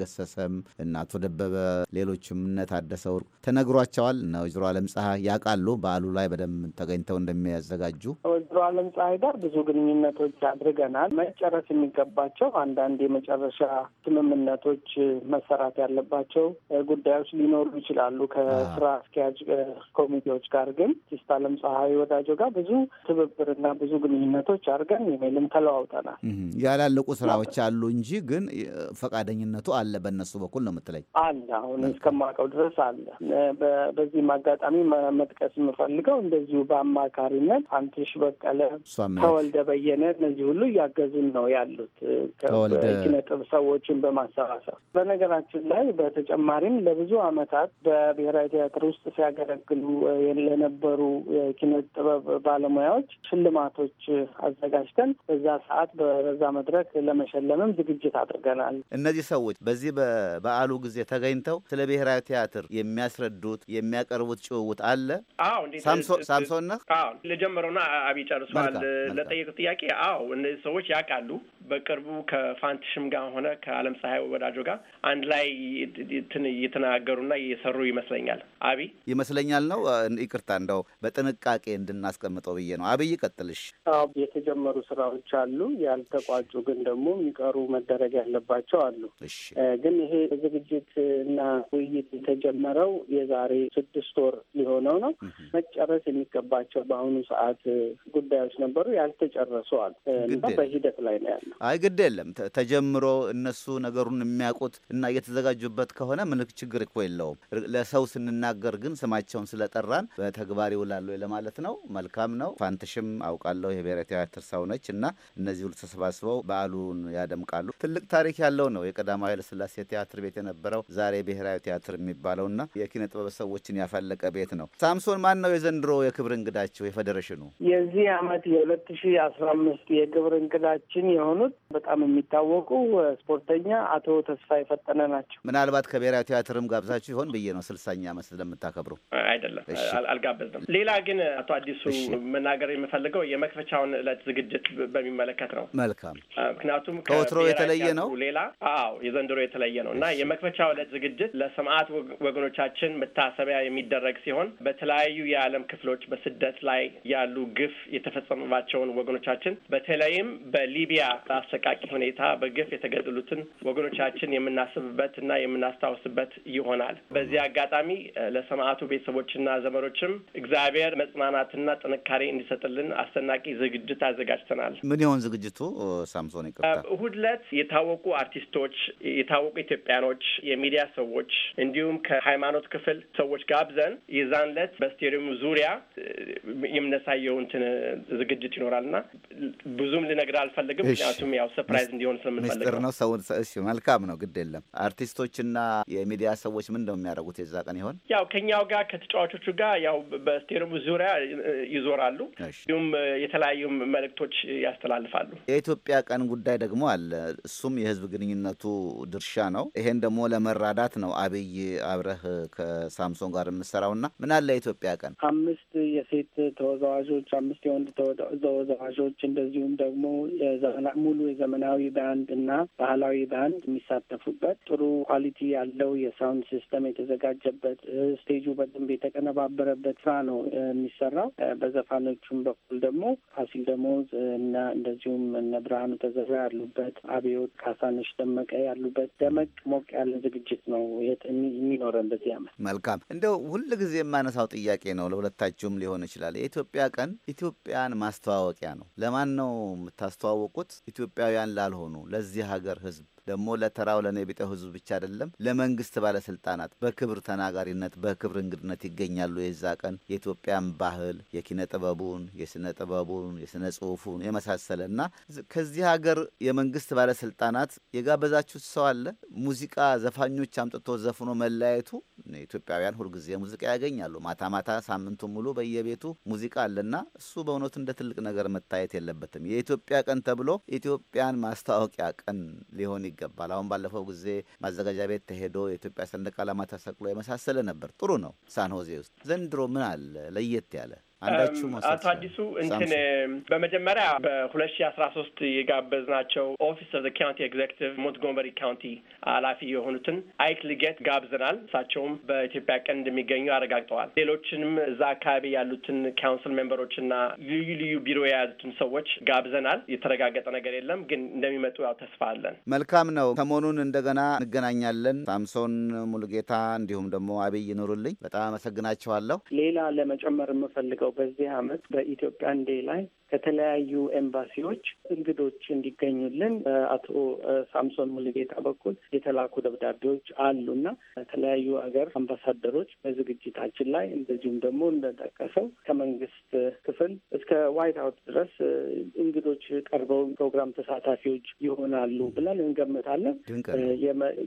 ገሰሰም እና አቶ ደበበ ሌሎችም እነ ታደሰ ወርቁ ተነግሯቸዋል እና ወይዘሮ አለም ፀሐይ ያውቃሉ በዓሉ ላይ በደንብ ተገኝተው እንደሚያዘጋጁ ወይዘሮ አለም ፀሐይ ጋር ብዙ ግንኙነቶች አድርገናል። መጨረስ የሚገባቸው አንዳንድ የመጨረሻ ስምምነቶች መሰራት ያለባቸው ጉዳዮች ሊኖሩ ይችላሉ። ከስራ አስኪያጅ ኮሚቴዎች ጋር ግን ቲስት አለም ፀሐይ ወዳጆ ጋር ብዙ ትብብርና ብዙ ግንኙነቶች አድርገን ኢሜይልም ተለዋውጠናል። ያላለቁ ስራዎች አሉ እንጂ ግን ፈቃደኝነቱ አለ በእነሱ በኩል ነው የምትለኝ? አለ አሁን እስከማውቀው ድረስ አለ። በዚህም አጋጣሚ መጥቀስ የምፈልገው እንደዚሁ በአማካሪነት አንትሽ በቀለ፣ ተወልደ በየነ እነዚህ ሁሉ እያገዙን ነው ያሉት ኪነጥብ ሰዎችን በማሰባሰብ በነገራችን ላይ በተጨማሪም ለብዙ አመታት ዓመት በብሔራዊ ቲያትር ውስጥ ሲያገለግሉ ለነበሩ የኪነ ጥበብ ባለሙያዎች ሽልማቶች አዘጋጅተን በዛ ሰዓት በዛ መድረክ ለመሸለምም ዝግጅት አድርገናል። እነዚህ ሰዎች በዚህ በበዓሉ ጊዜ ተገኝተው ስለ ብሔራዊ ቲያትር የሚያስረዱት የሚያቀርቡት ጭውውት አለ። አዎ ሳምሶን ነህ? አዎ ልጀምረውና አብይ ጨርሷል። ለጠየቁት ጥያቄ አዎ እነዚህ ሰዎች ያውቃሉ። በቅርቡ ከፋንትሽም ጋር ሆነ ከአለም ፀሐይ ወዳጆ ጋር አንድ ላይ ትን እየተናገሩና እየሰሩ ይመስለኛል። አብይ ይመስለኛል ነው። ይቅርታ እንደው በጥንቃቄ እንድናስቀምጠው ብዬ ነው። አብይ ይቀጥልሽ። የተጀመሩ ስራዎች አሉ፣ ያልተቋጩ ግን ደግሞ የሚቀሩ መደረግ ያለባቸው አሉ። ግን ይሄ ዝግጅት እና ውይይት የተጀመረው የዛሬ ስድስት ወር ሊሆነው ነው። መጨረስ የሚገባቸው በአሁኑ ሰዓት ጉዳዮች ነበሩ፣ ያልተጨረሱ አሉ እና በሂደት ላይ ነው ያለው። አይ ግድ የለም ተጀምሮ እነሱ ነገሩን የሚያውቁት እና እየተዘጋጁበት ከሆነ ምልክ ችግር እኮ የለውም። ለሰው ስንናገር ግን ስማቸውን ስለጠራን በተግባር ይውላሉ ለማለት ነው። መልካም ነው። ፋንትሽም አውቃለሁ የብሔራዊ ቲያትር ሰው ነች እና እነዚህ ሁሉ ተሰባስበው በዓሉን ያደምቃሉ። ትልቅ ታሪክ ያለው ነው የቀዳማዊ ኃይለስላሴ ቲያትር ቤት የነበረው ዛሬ ብሔራዊ ቲያትር የሚባለውና የኪነ ጥበብ ሰዎችን ያፈለቀ ቤት ነው። ሳምሶን፣ ማን ነው የዘንድሮ የክብር እንግዳችሁ የፌዴሬሽኑ? የዚህ አመት የሁለት ሺ አስራ አምስት የክብር እንግዳችን የሆኑት በጣም የሚታወቁ ስፖርተኛ አቶ ተስፋ የፈጠነ ናቸው። ምናልባት ከብሔራዊ ቲያትርም ጋብዛችሁ ይሆን አይደለም ብዬ ነው። ስልሳኛ ዓመት ስለምታከብሩ አይደለም አልጋበዝንም። ሌላ ግን አቶ አዲሱ መናገር የምፈልገው የመክፈቻውን እለት ዝግጅት በሚመለከት ነው። መልካም። ምክንያቱም ከወትሮ የተለየ ነው። ሌላ አዎ፣ የዘንድሮ የተለየ ነው እና የመክፈቻው ዕለት ዝግጅት ለሰማዕት ወገኖቻችን መታሰቢያ የሚደረግ ሲሆን በተለያዩ የዓለም ክፍሎች በስደት ላይ ያሉ ግፍ የተፈጸመባቸውን ወገኖቻችን በተለይም በሊቢያ አሰቃቂ ሁኔታ በግፍ የተገደሉትን ወገኖቻችን የምናስብበት እና የምናስታውስበት ይሆናል። በዚህ አጋጣሚ ለሰማዕቱ ቤተሰቦችና ዘመዶችም እግዚአብሔር መጽናናትና ጥንካሬ እንዲሰጥልን አስደናቂ ዝግጅት አዘጋጅተናል። ምን ይሆን ዝግጅቱ? ሳምሶን ይቅርታ። እሁድ ዕለት የታወቁ አርቲስቶች፣ የታወቁ ኢትዮጵያኖች፣ የሚዲያ ሰዎች እንዲሁም ከሃይማኖት ክፍል ሰዎች ጋብዘን የዛን ዕለት በስቴዲየሙ ዙሪያ የምናሳየውን እንትን ዝግጅት ይኖራልና ብዙም ልነግርህ አልፈልግም። ምክንያቱም ያው ሰፕራይዝ እንዲሆን ስለምንፈልግ ነው። ሰው መልካም ነው። ግድ የለም አርቲስቶችና የሚዲያ ሰዎች ምን የሚያደርጉት የዛ ቀን ይሆን? ያው ከኛው ጋር ከተጫዋቾቹ ጋር ያው በስቴዲየሙ ዙሪያ ይዞራሉ፣ እንዲሁም የተለያዩ መልእክቶች ያስተላልፋሉ። የኢትዮጵያ ቀን ጉዳይ ደግሞ አለ። እሱም የህዝብ ግንኙነቱ ድርሻ ነው። ይሄን ደግሞ ለመራዳት ነው አብይ አብረህ ከሳምሶን ጋር የምሰራው እና ምን አለ የኢትዮጵያ ቀን አምስት የሴት ተወዛዋዦች፣ አምስት የወንድ ተወዛዋዦች እንደዚሁም ደግሞ ሙሉ የዘመናዊ ባንድ እና ባህላዊ ባንድ የሚሳተፉበት ጥሩ ኳሊቲ ያለው የሳውንድ ሲስተም የተዘጋጀበት ስቴጁ በደንብ የተቀነባበረበት ስራ ነው የሚሰራው። በዘፋኖቹም በኩል ደግሞ ፋሲል ደሞዝ እና እንደዚሁም እነ ብርሃኑ ተዘራ ያሉበት፣ አብዮት ካሳነሽ ደመቀ ያሉበት ደመቅ ሞቅ ያለ ዝግጅት ነው የሚኖረን በዚህ አመት። መልካም እንደው ሁል ጊዜ የማነሳው ጥያቄ ነው፣ ለሁለታችሁም ሊሆን ይችላል። የኢትዮጵያ ቀን ኢትዮጵያን ማስተዋወቂያ ነው። ለማን ነው የምታስተዋወቁት? ኢትዮጵያውያን ላልሆኑ ለዚህ ሀገር ህዝብ ደግሞ ለተራው ለእኔ ቤጠ ህዝብ ብቻ አይደለም፣ ለመንግስት ባለስልጣናት በክብር ተናጋሪነት በክብር እንግድነት ይገኛሉ። የዛ ቀን የኢትዮጵያን ባህል የኪነ ጥበቡን፣ የስነ ጥበቡን፣ የስነ ጽሁፉን የመሳሰለ እና ከዚህ ሀገር የመንግስት ባለስልጣናት የጋበዛችሁት ሰው አለ? ሙዚቃ ዘፋኞች አምጥቶ ዘፍኖ መለያየቱ ኢትዮጵያውያን ሁልጊዜ ሙዚቃ ያገኛሉ። ማታ ማታ ሳምንቱ ሙሉ በየቤቱ ሙዚቃ አለና እሱ በእውነቱ እንደ ትልቅ ነገር መታየት የለበትም። የኢትዮጵያ ቀን ተብሎ ኢትዮጵያን ማስታወቂያ ቀን ሊሆን ይገባል። አሁን ባለፈው ጊዜ ማዘጋጃ ቤት ተሄዶ የኢትዮጵያ ሰንደቅ ዓላማ ተሰቅሎ የመሳሰለ ነበር። ጥሩ ነው። ሳንሆዜ ውስጥ ዘንድሮ ምን አለ ለየት ያለ? አንዳችሁ አቶ አዲሱ እንትን በመጀመሪያ በሁለት ሺ አስራ ሶስት የጋበዝናቸው ኦፊስ ኦፍ ካውንቲ ኤግዜክቲቭ ሞንትጎመሪ ካውንቲ ኃላፊ የሆኑትን አይክ ልጌት ጋብዘናል። እሳቸውም በኢትዮጵያ ቀን እንደሚገኙ አረጋግጠዋል። ሌሎችንም እዛ አካባቢ ያሉትን ካውንስል ሜምበሮችና ልዩ ልዩ ቢሮ የያዙትን ሰዎች ጋብዘናል። የተረጋገጠ ነገር የለም፣ ግን እንደሚመጡ ያው ተስፋ አለን። መልካም ነው። ሰሞኑን እንደገና እንገናኛለን። ሳምሶን ሙሉጌታ፣ እንዲሁም ደግሞ አብይ ኑሩልኝ። በጣም አመሰግናቸዋለሁ። ሌላ ለመጨመር የምፈልገው በሚቀጥለው በዚህ አመት በኢትዮጵያ እንዴ ላይ ከተለያዩ ኤምባሲዎች እንግዶች እንዲገኙልን አቶ ሳምሶን ሙልጌታ በኩል የተላኩ ደብዳቤዎች አሉና ከተለያዩ ሀገር አምባሳደሮች በዝግጅታችን ላይ እንደዚሁም ደግሞ እንደጠቀሰው ከመንግስት ክፍል እስከ ዋይት ሀውስ ድረስ እንግዶች ቀርበው ፕሮግራም ተሳታፊዎች ይሆናሉ ብለን እንገምታለን።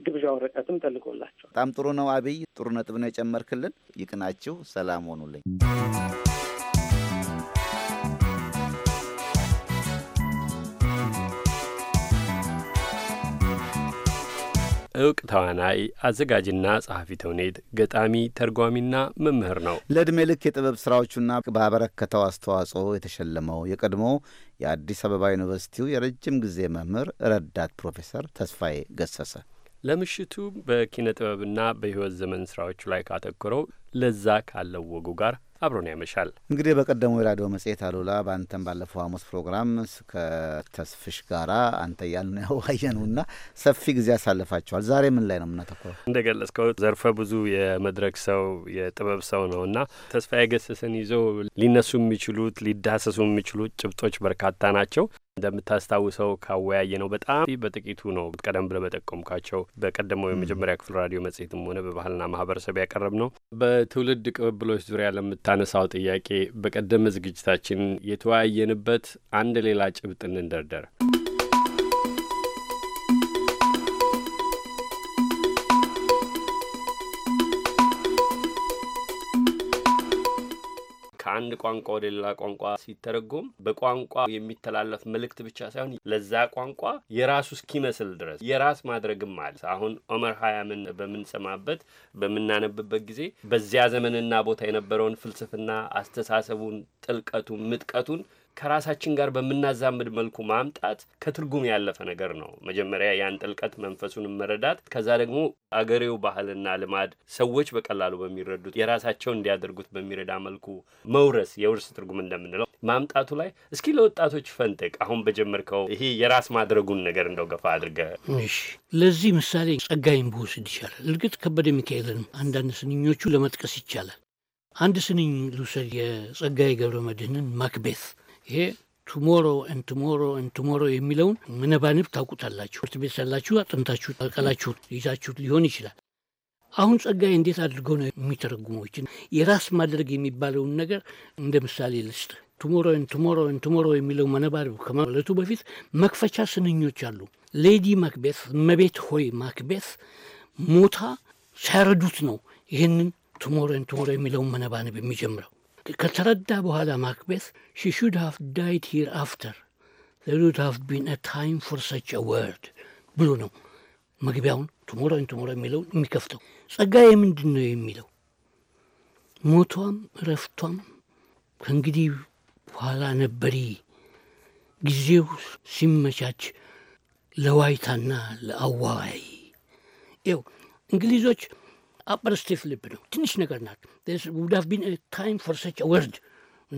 ግብዣ ወረቀትም ተልኮላቸው። በጣም ጥሩ ነው። አብይ፣ ጥሩ ነጥብ ነው የጨመርክልን። ይቅናችሁ። ሰላም ሆኑልኝ። እውቅ ተዋናይ፣ አዘጋጅና ጸሐፊ ተውኔት፣ ገጣሚ፣ ተርጓሚና መምህር ነው። ለዕድሜ ልክ የጥበብ ሥራዎቹና ባበረከተው አስተዋጽኦ የተሸለመው የቀድሞ የአዲስ አበባ ዩኒቨርሲቲው የረጅም ጊዜ መምህር ረዳት ፕሮፌሰር ተስፋዬ ገሰሰ ለምሽቱ በኪነ ጥበብና በሕይወት ዘመን ስራዎቹ ላይ ካተኮረው ለዛ ካለው ወጉ ጋር አብሮን ያመሻል። እንግዲህ በቀደሙ የራዲዮ መጽሔት አሉላ በአንተን ባለፈው ሐሙስ ፕሮግራም ከተስፍሽ ጋራ አንተ እያልን ያዋየኑና ሰፊ ጊዜ አሳልፋቸዋል ዛሬ ምን ላይ ነው የምናተኩረው? እንደ ገለጽከው ዘርፈ ብዙ የመድረክ ሰው የጥበብ ሰው ነው ተስፋ ተስፋዬ ገሰሰን ይዞ ሊነሱ የሚችሉት ሊዳሰሱ የሚችሉት ጭብጦች በርካታ ናቸው። እንደምታስታውሰው ካወያየ ነው በጣም በጥቂቱ ነው። ቀደም ብለህ በጠቆምካቸው በቀደመው የመጀመሪያ ክፍል ራዲዮ መጽሔትም ሆነ በባህልና ማህበረሰብ ያቀረብ ነው። በትውልድ ቅብብሎች ዙሪያ ለምታነሳው ጥያቄ በቀደመ ዝግጅታችን የተወያየንበት አንድ ሌላ ጭብጥ እንደርደር። ከአንድ ቋንቋ ወደ ሌላ ቋንቋ ሲተረጎም በቋንቋ የሚተላለፍ መልእክት ብቻ ሳይሆን ለዛ ቋንቋ የራሱ እስኪመስል ድረስ የራስ ማድረግም አለ። አሁን ኦመር ሀያምን በምንሰማበት በምናነብበት ጊዜ በዚያ ዘመንና ቦታ የነበረውን ፍልስፍና አስተሳሰቡን፣ ጥልቀቱን፣ ምጥቀቱን ከራሳችን ጋር በምናዛምድ መልኩ ማምጣት ከትርጉም ያለፈ ነገር ነው። መጀመሪያ ያን ጥልቀት መንፈሱን መረዳት፣ ከዛ ደግሞ አገሬው ባህልና ልማድ ሰዎች በቀላሉ በሚረዱት የራሳቸው እንዲያደርጉት በሚረዳ መልኩ መውረስ የውርስ ትርጉም እንደምንለው ማምጣቱ ላይ እስኪ ለወጣቶች ፈንጥቅ፣ አሁን በጀመርከው ይሄ የራስ ማድረጉን ነገር እንደው ገፋ አድርገ እሺ፣ ለዚህ ምሳሌ ጸጋይን ብወስድ ይቻላል። እርግጥ ከበደ ሚካኤልንም አንዳንድ ስንኞቹ ለመጥቀስ ይቻላል። አንድ ስንኝ ልውሰድ፣ የጸጋይ ገብረ መድህንን ማክቤት ይሄ ቱሞሮ ን ቱሞሮ ን ቱሞሮ የሚለውን መነባንብ ታውቁታላችሁ። ትምህርት ቤት ሳላችሁ አጥንታችሁ ቀላችሁ ይዛችሁ ሊሆን ይችላል። አሁን ጸጋዬ እንዴት አድርገው ነው የሚተረጉመው? የራስ ማድረግ የሚባለውን ነገር እንደ ምሳሌ ልስጥ። ቱሞሮ ን ቱሞሮ ን ቱሞሮ የሚለው መነባንብ ከማለቱ በፊት መክፈቻ ስንኞች አሉ። ሌዲ ማክቤት መቤት ሆይ ማክቤት ሞታ ሳያረዱት ነው ይህንን ቱሞሮ ን ቱሞሮ የሚለውን መነባንብ የሚጀምረው ከተረዳ በኋላ ማክቤት ሺ ሹድ ሃፍ ዳይድ ሂር አፍተር ዘሉድ ሃፍ ቢን ታይም ፎር ሰች ወርድ ብሎ ነው መግቢያውን ቱሞሮ ቱሞሮ የሚለውን የሚከፍተው። ጸጋዬ ምንድን ነው የሚለው ሞቷም እረፍቷም ከእንግዲህ በኋላ ነበሪ ጊዜው ሲመቻች ለዋይታና ለአዋይ ው እንግሊዞች ስቴፍ ልብ ነው። ትንሽ ነገር ናት። ውዳፍ ቢን ታይም ፎር ሰች ወርድ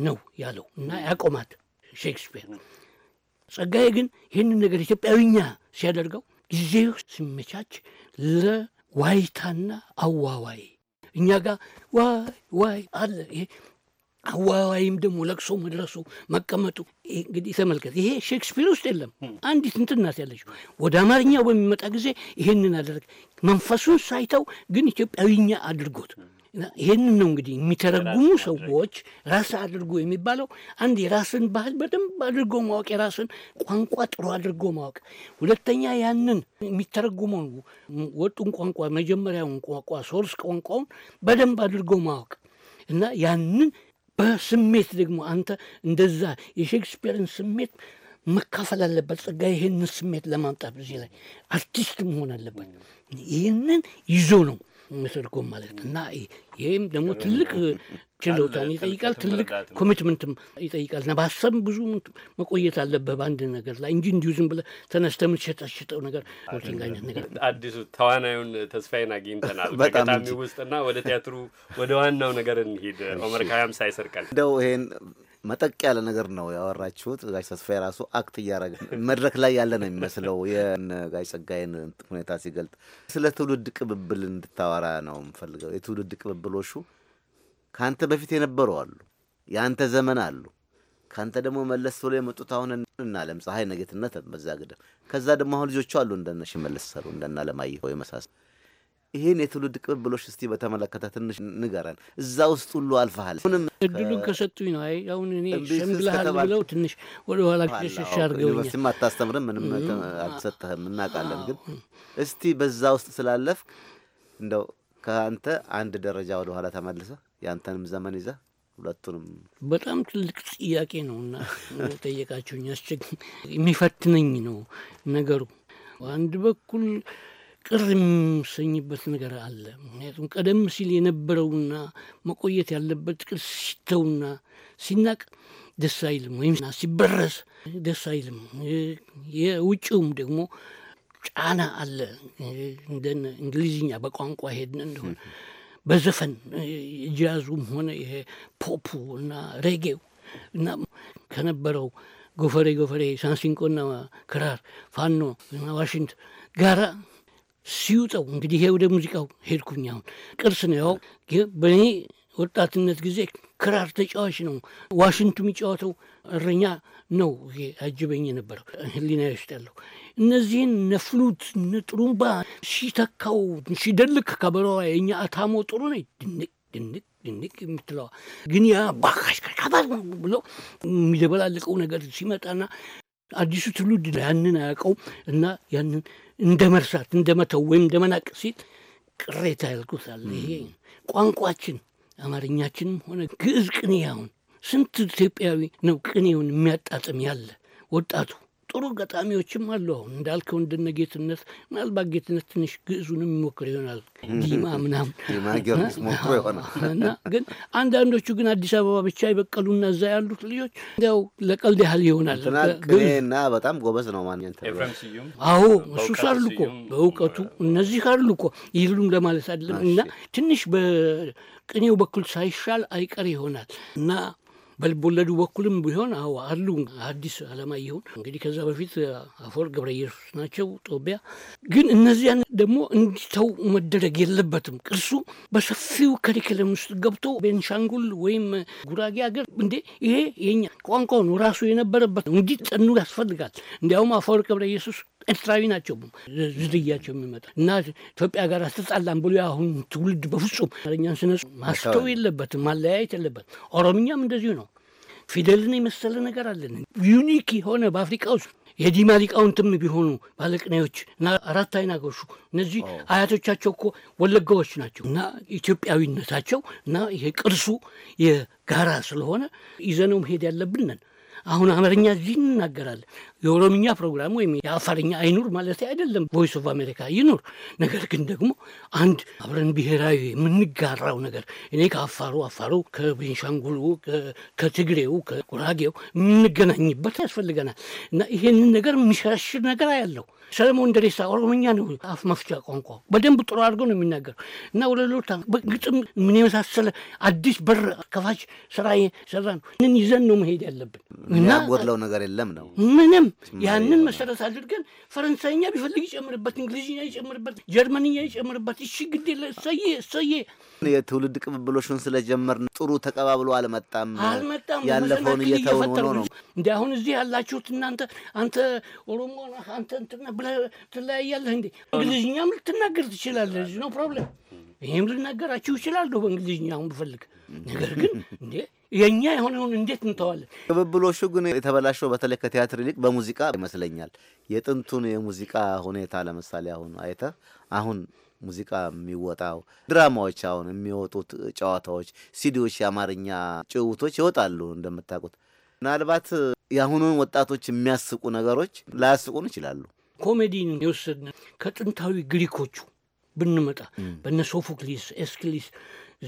ነው ያለው እና ያቆማት ሼክስፒር። ጸጋዬ ግን ይህንን ነገር ኢትዮጵያዊኛ ሲያደርገው ጊዜ ሲመቻች ለዋይታና አዋዋይ እኛ ጋር ዋይ ዋይ አለ። ይሄ አዋዋይም ደግሞ ለቅሶ መድረሱ መቀመጡ እንግዲህ ተመልከት። ይሄ ሼክስፒር ውስጥ የለም። አንዲት እንትን ያለችው። ወደ አማርኛ በሚመጣ ጊዜ ይሄንን አደረግ መንፈሱን ሳይተው ግን ኢትዮጵያዊኛ አድርጎት ይህንን ነው እንግዲህ የሚተረጉሙ ሰዎች ራስ አድርጎ የሚባለው። አንድ የራስን ባህል በደንብ አድርጎ ማወቅ፣ የራስን ቋንቋ ጥሩ አድርጎ ማወቅ። ሁለተኛ ያንን የሚተረጉመውን ወጡን ቋንቋ መጀመሪያውን ቋንቋ ሶርስ ቋንቋውን በደንብ አድርጎ ማወቅ እና ያንን በስሜት ደግሞ አንተ እንደዛ የሼክስፒርን ስሜት መካፈል አለበት። ጸጋ ይህንን ስሜት ለማምጣት እዚህ ላይ አርቲስት መሆን አለበት። ይህንን ይዞ ነው መተርጎም ማለት ነው እና ይህም ደግሞ ትልቅ ችሎታን ይጠይቃል፣ ትልቅ ኮሚትመንትም ይጠይቃል እና በሀሳብ ብዙ መቆየት አለብህ በአንድ ነገር ላይ እንጂ እንዲሁ ዝም ብለህ ተነስተህ የምትሸጣሸጠው ነገር ሞርቲንግ ነገር። አዲሱ ተዋናዩን ተስፋዬን አግኝተናል። በቀጣሚ ውስጥና ወደ ቲያትሩ ወደ ዋናው ነገር እንሂድ። ኦመር ካያም ሳይሰርቀን እንደው ይሄን መጠቅ ያለ ነገር ነው ያወራችሁት። ጋሽ ተስፋ የራሱ አክት እያረገ መድረክ ላይ ያለ ነው የሚመስለው የጋሽ ጸጋዬን ሁኔታ ሲገልጥ። ስለ ትውልድ ቅብብል እንድታወራ ነው የምፈልገው። የትውልድ ቅብብሎሹ ከአንተ በፊት የነበሩ አሉ፣ የአንተ ዘመን አሉ፣ ከአንተ ደግሞ መለስ ብሎ የመጡት አሁን እና ፀሐይ ነጌትነት በዛ ግድም፣ ከዛ ደግሞ አሁን ልጆቹ አሉ እንደነ ሽመልስ ሰሩ እንደና ለማየሁ የመሳሰሉ ይህን የትውልድ ቅብብሎሽ እስቲ በተመለከተ ትንሽ ንገረን። እዛ ውስጥ ሁሉ አልፈሃል። ሁንም እድሉን ከሰጡኝ ነው። አይ አሁን እኔ ሸምግልሃል ብለው ትንሽ ወደ ኋላ ሸሻ አድርገውኛል። ዩኒቨርሲቲም አታስተምርም፣ ምንም አልተሰጠህም፣ እናውቃለን። ግን እስቲ በዛ ውስጥ ስላለፍ እንደው ከአንተ አንድ ደረጃ ወደ ኋላ ተመልሰ የአንተንም ዘመን ይዘ ሁለቱንም በጣም ትልቅ ጥያቄ ነው እና አስቸግ የሚፈትነኝ ነው ነገሩ አንድ በኩል ቅር የምሰኝበት ነገር አለ። ምክንያቱም ቀደም ሲል የነበረውና መቆየት ያለበት ቅር ሲተውና ሲናቅ ደስ አይልም፣ ወይም ሲበረስ ደስ አይልም። የውጭውም ደግሞ ጫና አለ። እንደ እንግሊዝኛ በቋንቋ ሄድን እንደሆነ በዘፈን ጃዙም ሆነ ይሄ ፖፑ እና ሬጌው እና ከነበረው ጎፈሬ ጎፈሬ ሳንሲንቆና ክራር ፋኖ እና ዋሽንት ጋራ ሲውጠው እንግዲህ ይሄ ወደ ሙዚቃው ሄድኩኝ። አሁን ቅርስ ነው ያው በእኔ ወጣትነት ጊዜ ክራር ተጫዋች ነው። ዋሽንቱ የሚጫወተው እረኛ ነው። ይሄ አጅበኝ የነበረው ህሊና ውስጥ ያለው እነዚህን ነፍሉት ንጥሩምባ ሲተካው ሲደልክ ከበረዋ የእኛ አታሞ ጥሩ ነ ድንቅ ድንቅ ድንቅ የምትለዋ ግን ያ ባካሽከሽካባት ብሎ የሚደበላልቀው ነገር ሲመጣና አዲሱ ትውልድ ያንን አያውቀውም እና ያንን እንደ መርሳት እንደ መተው ወይም እንደ መናቅ ሲል ቅሬታ ያልኩታል። ይሄ ቋንቋችን አማርኛችንም ሆነ ግዕዝ ቅንያውን ስንት ኢትዮጵያዊ ነው ቅኔውን የሚያጣጥም ያለ ወጣቱ ጥሩ ገጣሚዎችም አሉ። አሁን እንዳልከው እንደነ ጌትነት ምናልባት ጌትነት ትንሽ ግዕዙንም ይሞክር ይሆናል ዲማ ምናምን ሞክሮ ይሆናል እና ግን አንዳንዶቹ ግን አዲስ አበባ ብቻ ይበቀሉና እዛ ያሉት ልጆች እንዲያው ለቀልድ ያህል ይሆናል እና በጣም ጎበዝ ነው ማን አሁ እሱስ አሉ እኮ በእውቀቱ እነዚህ አሉ እኮ ይሉም ለማለት አይደለም እና ትንሽ በቅኔው በኩል ሳይሻል አይቀር ይሆናል እና በልቦለዱ በኩልም ቢሆን አዎ አሉ። አዲስ አለማ ይሁን እንግዲህ ከዛ በፊት አፈወርቅ ገብረ ኢየሱስ ናቸው ጦቢያ። ግን እነዚያን ደግሞ እንዲተው መደረግ የለበትም። ቅርሱ በሰፊው ከሪክለም ውስጥ ገብቶ ቤንሻንጉል ወይም ጉራጌ ሀገር እንዴ ይሄ የኛ ቋንቋው ነው ራሱ የነበረበት እንዲጠኑ ያስፈልጋል። እንዲያውም አፈወርቅ ገብረ ኢየሱስ ኤርትራዊ ናቸው ዝድያቸው የሚመጣ እና ኢትዮጵያ ጋር አስተጻላን ብሎ አሁን ትውልድ በፍጹም አማርኛን ስነ ማስተው የለበትም ማለያየት የለበትም። ኦሮምኛም እንደዚሁ ነው። ፊደልን የመሰለ ነገር አለን ዩኒክ የሆነ በአፍሪካ ውስጥ የዲማ ሊቃውንትም ቢሆኑ ባለቅኔዎች እና አራት አይናገሹ እነዚህ አያቶቻቸው እኮ ወለጋዎች ናቸው እና ኢትዮጵያዊነታቸው እና ይሄ ቅርሱ የጋራ ስለሆነ ይዘነው መሄድ ያለብን ነን። አሁን አማርኛ እዚህ እንናገራለን። የኦሮምኛ ፕሮግራም ወይም የአፋርኛ አይኑር ማለት አይደለም። ቮይስ ኦፍ አሜሪካ ይኑር። ነገር ግን ደግሞ አንድ አብረን ብሔራዊ የምንጋራው ነገር እኔ ከአፋሩ አፋሩ ከቤንሻንጉሉ ከትግሬው ከጉራጌው የምንገናኝበት ያስፈልገናል እና ይሄንን ነገር የሚሸራሽር ነገር አያለው። ሰለሞን ደሬሳ ኦሮምኛ ነው አፍ መፍቻ ቋንቋ፣ በደንብ ጥሩ አድርገው ነው የሚናገር እና ወለሎታ በግጥም ምን የመሳሰለ አዲስ በር ከፋች ስራ ሰራ ነው። ይዘን ነው መሄድ ያለብን እና ጎድለው ነገር የለም ነው ምንም ያንን መሰረት አድርገን ፈረንሳይኛ ቢፈልግ ይጨምርበት፣ እንግሊዝኛ ይጨምርበት፣ ጀርመንኛ ይጨምርበት። እሺ ግድ የለ እሰዬ እሰዬ። የትውልድ ቅብብሎሹን ስለጀመር ጥሩ ተቀባብሎ አልመጣም አልመጣም። ያለፈውን እየተውን ሆኖ ነው እንዲ አሁን እዚህ ያላችሁት እናንተ አንተ ኦሮሞ አንተ እንትና ብለህ ትለያያለህ እንዴ? እንግሊዝኛም ልትናገር ትችላለህ። ነው ፕሮብለም። ይህም ልናገራችሁ ይችላለሁ በእንግሊዝኛ አሁን ብፈልግ። ነገር ግን እንዴ የእኛ የሆነውን እንዴት እንተዋለን? ቅብብሎሹ ግን የተበላሸው በተለይ ከቲያትር ይልቅ በሙዚቃ ይመስለኛል። የጥንቱን የሙዚቃ ሁኔታ ለምሳሌ አሁን አይተ አሁን ሙዚቃ የሚወጣው ድራማዎች፣ አሁን የሚወጡት ጨዋታዎች፣ ሲዲዎች፣ የአማርኛ ጭውቶች ይወጣሉ እንደምታውቁት። ምናልባት የአሁኑን ወጣቶች የሚያስቁ ነገሮች ላያስቁን ይችላሉ። ኮሜዲን የወሰድን ከጥንታዊ ግሪኮቹ ብንመጣ በነ ሶፎክሊስ፣ ኤስክሊስ፣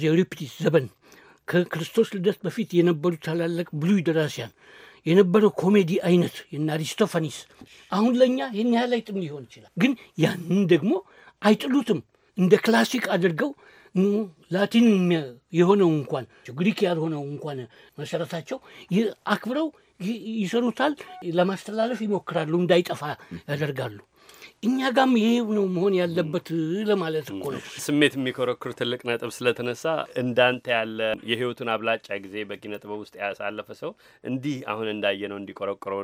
ዘሪፕቲስ ዘበን ከክርስቶስ ልደት በፊት የነበሩ ታላላቅ ብሉይ ደራሲያን የነበረው ኮሜዲ አይነት የነ አሪስቶፋኒስ አሁን ለእኛ ይህን ያህል አይጥም ሊሆን ይችላል። ግን ያንን ደግሞ አይጥሉትም እንደ ክላሲክ አድርገው ላቲን የሆነው እንኳን ግሪክ ያልሆነው እንኳን መሰረታቸው አክብረው ይሰሩታል፣ ለማስተላለፍ ይሞክራሉ፣ እንዳይጠፋ ያደርጋሉ። እኛ ጋም ይሄው ነው መሆን ያለበት ለማለት እኮ ነው። ስሜት የሚኮረኩር ትልቅ ነጥብ ስለተነሳ እንዳንተ ያለ የህይወቱን አብላጫ ጊዜ በኪነ ጥበብ ውስጥ ያሳለፈ ሰው እንዲህ አሁን እንዳየነው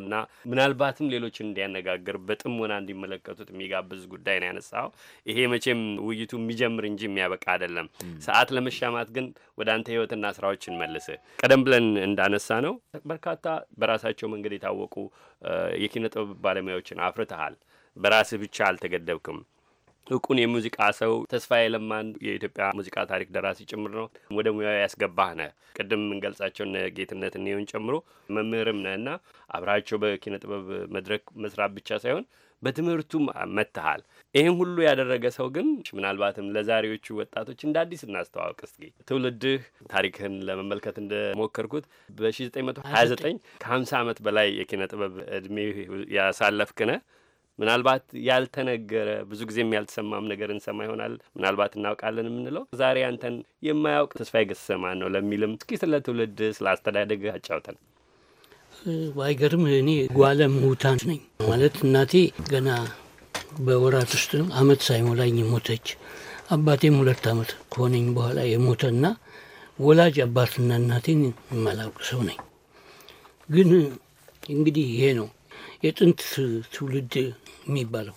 እና ምናልባትም ሌሎችን እንዲያነጋግር በጥሞና እንዲመለከቱት የሚጋብዝ ጉዳይ ነው ያነሳው። ይሄ መቼም ውይይቱ የሚጀምር እንጂ የሚያበቃ አይደለም። ሰዓት ለመሻማት ግን ወደ አንተ ህይወትና ስራዎች እንመልስ። ቀደም ብለን እንዳነሳ ነው በርካታ በራሳቸው መንገድ የታወቁ የኪነ ጥበብ ባለሙያዎችን አፍርተሃል። በራስህ ብቻ አልተገደብክም። እውቁን የሙዚቃ ሰው ተስፋዬ ለማን የኢትዮጵያ ሙዚቃ ታሪክ ደራሲ ጭምር ነው ወደ ሙያው ያስገባህ ነ ቅድም የምንገልጻቸውን ጌትነት እኒሆን ጨምሮ መምህርም ነ እና አብራቸው በኪነ ጥበብ መድረክ መስራት ብቻ ሳይሆን በትምህርቱም መትሃል። ይህም ሁሉ ያደረገ ሰው ግን ምናልባትም ለዛሬዎቹ ወጣቶች እንደ አዲስ እናስተዋወቅ እስኪ። ትውልድህ ታሪክህን ለመመልከት እንደሞከርኩት በ1929 ከ50 ዓመት በላይ የኪነ ጥበብ እድሜ ያሳለፍክ ነህ። ምናልባት ያልተነገረ ብዙ ጊዜም ያልተሰማም ነገር እንሰማ ይሆናል። ምናልባት እናውቃለን የምንለው ዛሬ አንተን የማያውቅ ተስፋ የገሰማ ነው ለሚልም እስኪ ስለ ትውልድ ስለ አስተዳደግ አጫውተን። ባይገርም እኔ ጓለ ምሁታን ነኝ ማለት እናቴ ገና በወራት ውስጥ አመት ሳይሞላኝ ሞተች። አባቴም ሁለት አመት ከሆነኝ በኋላ የሞተና ወላጅ አባትና እናቴን የማላውቅ ሰው ነኝ። ግን እንግዲህ ይሄ ነው የጥንት ትውልድ የሚባለው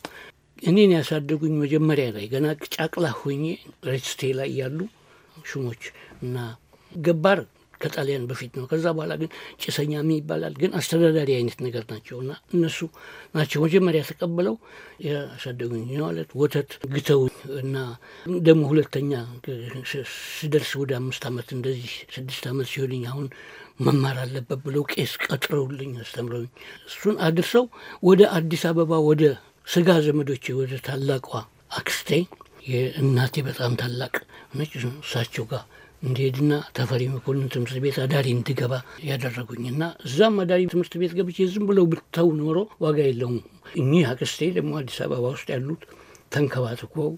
እኔን ያሳደጉኝ መጀመሪያ ላይ ገና ጫቅላ ሆኜ ሬጅስቴ ላይ ያሉ ሹሞች እና ገባር ከጣሊያን በፊት ነው። ከዛ በኋላ ግን ጭሰኛ ይባላል፣ ግን አስተዳዳሪ አይነት ነገር ናቸው እና እነሱ ናቸው መጀመሪያ ተቀብለው ያሳደጉኝ ማለት ወተት ግተው እና ደግሞ ሁለተኛ ስደርስ ወደ አምስት ዓመት እንደዚህ ስድስት ዓመት ሲሆንኝ አሁን መማር አለበት ብለው ቄስ ቀጥረውልኝ አስተምረውኝ እሱን አድርሰው ወደ አዲስ አበባ ወደ ስጋ ዘመዶች ወደ ታላቋ አክስቴ የእናቴ በጣም ታላቅ ነች እሳቸው ጋር እንድሄድና ተፈሪ መኮንን ትምህርት ቤት አዳሪ እንድገባ ያደረጉኝ እና እዛም አዳሪ ትምህርት ቤት ገብቼ ዝም ብለው ብተው ኖሮ ዋጋ የለውም። እኚህ አክስቴ ደግሞ አዲስ አበባ ውስጥ ያሉት ተንከባትኮው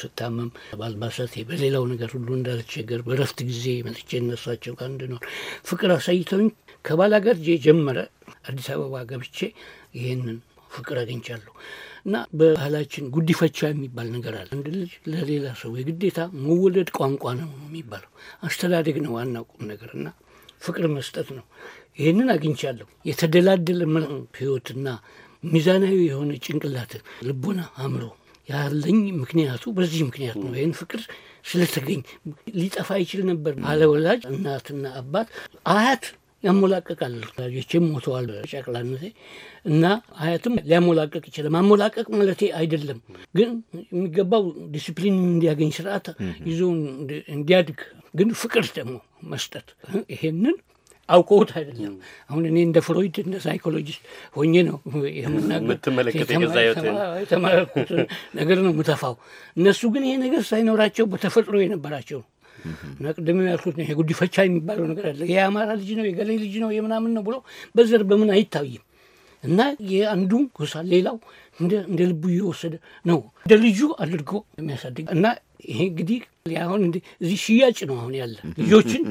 ስታመም በአልባሳቴ በሌላው ነገር ሁሉ እንዳልቸገር በረፍት ጊዜ መጥቼ እነሳቸው ጋር እንድኖር ፍቅር አሳይተውኝ ከባላጋር ጀመረ። አዲስ አበባ ገብቼ ይህንን ፍቅር አግኝቻለሁ። እና በባህላችን ጉዲፈቻ የሚባል ነገር አለ። አንድ ልጅ ለሌላ ሰው የግዴታ መወለድ ቋንቋ ነው የሚባለው። አስተዳደግ ነው ዋና ቁም ነገር እና ፍቅር መስጠት ነው። ይህንን አግኝቻለሁ። የተደላደለ ህይወትና ሚዛናዊ የሆነ ጭንቅላት ልቦና አእምሮ ያለኝ ምክንያቱ በዚህ ምክንያት ነው። ይህን ፍቅር ስለተገኝ ሊጠፋ ይችል ነበር። አለወላጅ እናትና አባት አያት ያሞላቀቃል። ወላጆቼም ሞተዋል በጨቅላነቴ እና አያትም ሊያሞላቀቅ ይችላል። ማሞላቀቅ ማለቴ አይደለም፣ ግን የሚገባው ዲስፕሊን እንዲያገኝ ስርዓት ይዞ እንዲያድግ ግን ፍቅር ደግሞ መስጠት ይሄንን አውቀውት አይደለም። አሁን እኔ እንደ ፍሮይድ እንደ ሳይኮሎጂስት ሆኜ ነው የተመለከትኩት ነገር ነው ምተፋው። እነሱ ግን ይሄ ነገር ሳይኖራቸው በተፈጥሮ የነበራቸው ነው። ቅድም ያልኩት ነው ጉዲፈቻ የሚባለው ነገር አለ። የአማራ ልጅ ነው የገሌ ልጅ ነው የምናምን ነው ብሎ በዘር በምን አይታይም። እና የአንዱ ጎሳ ሌላው እንደ ልቡ እየወሰደ ነው እንደ ልጁ አድርጎ የሚያሳድግ እና ይሄ እንግዲህ አሁን እዚህ ሽያጭ ነው አሁን ያለ ልጆችን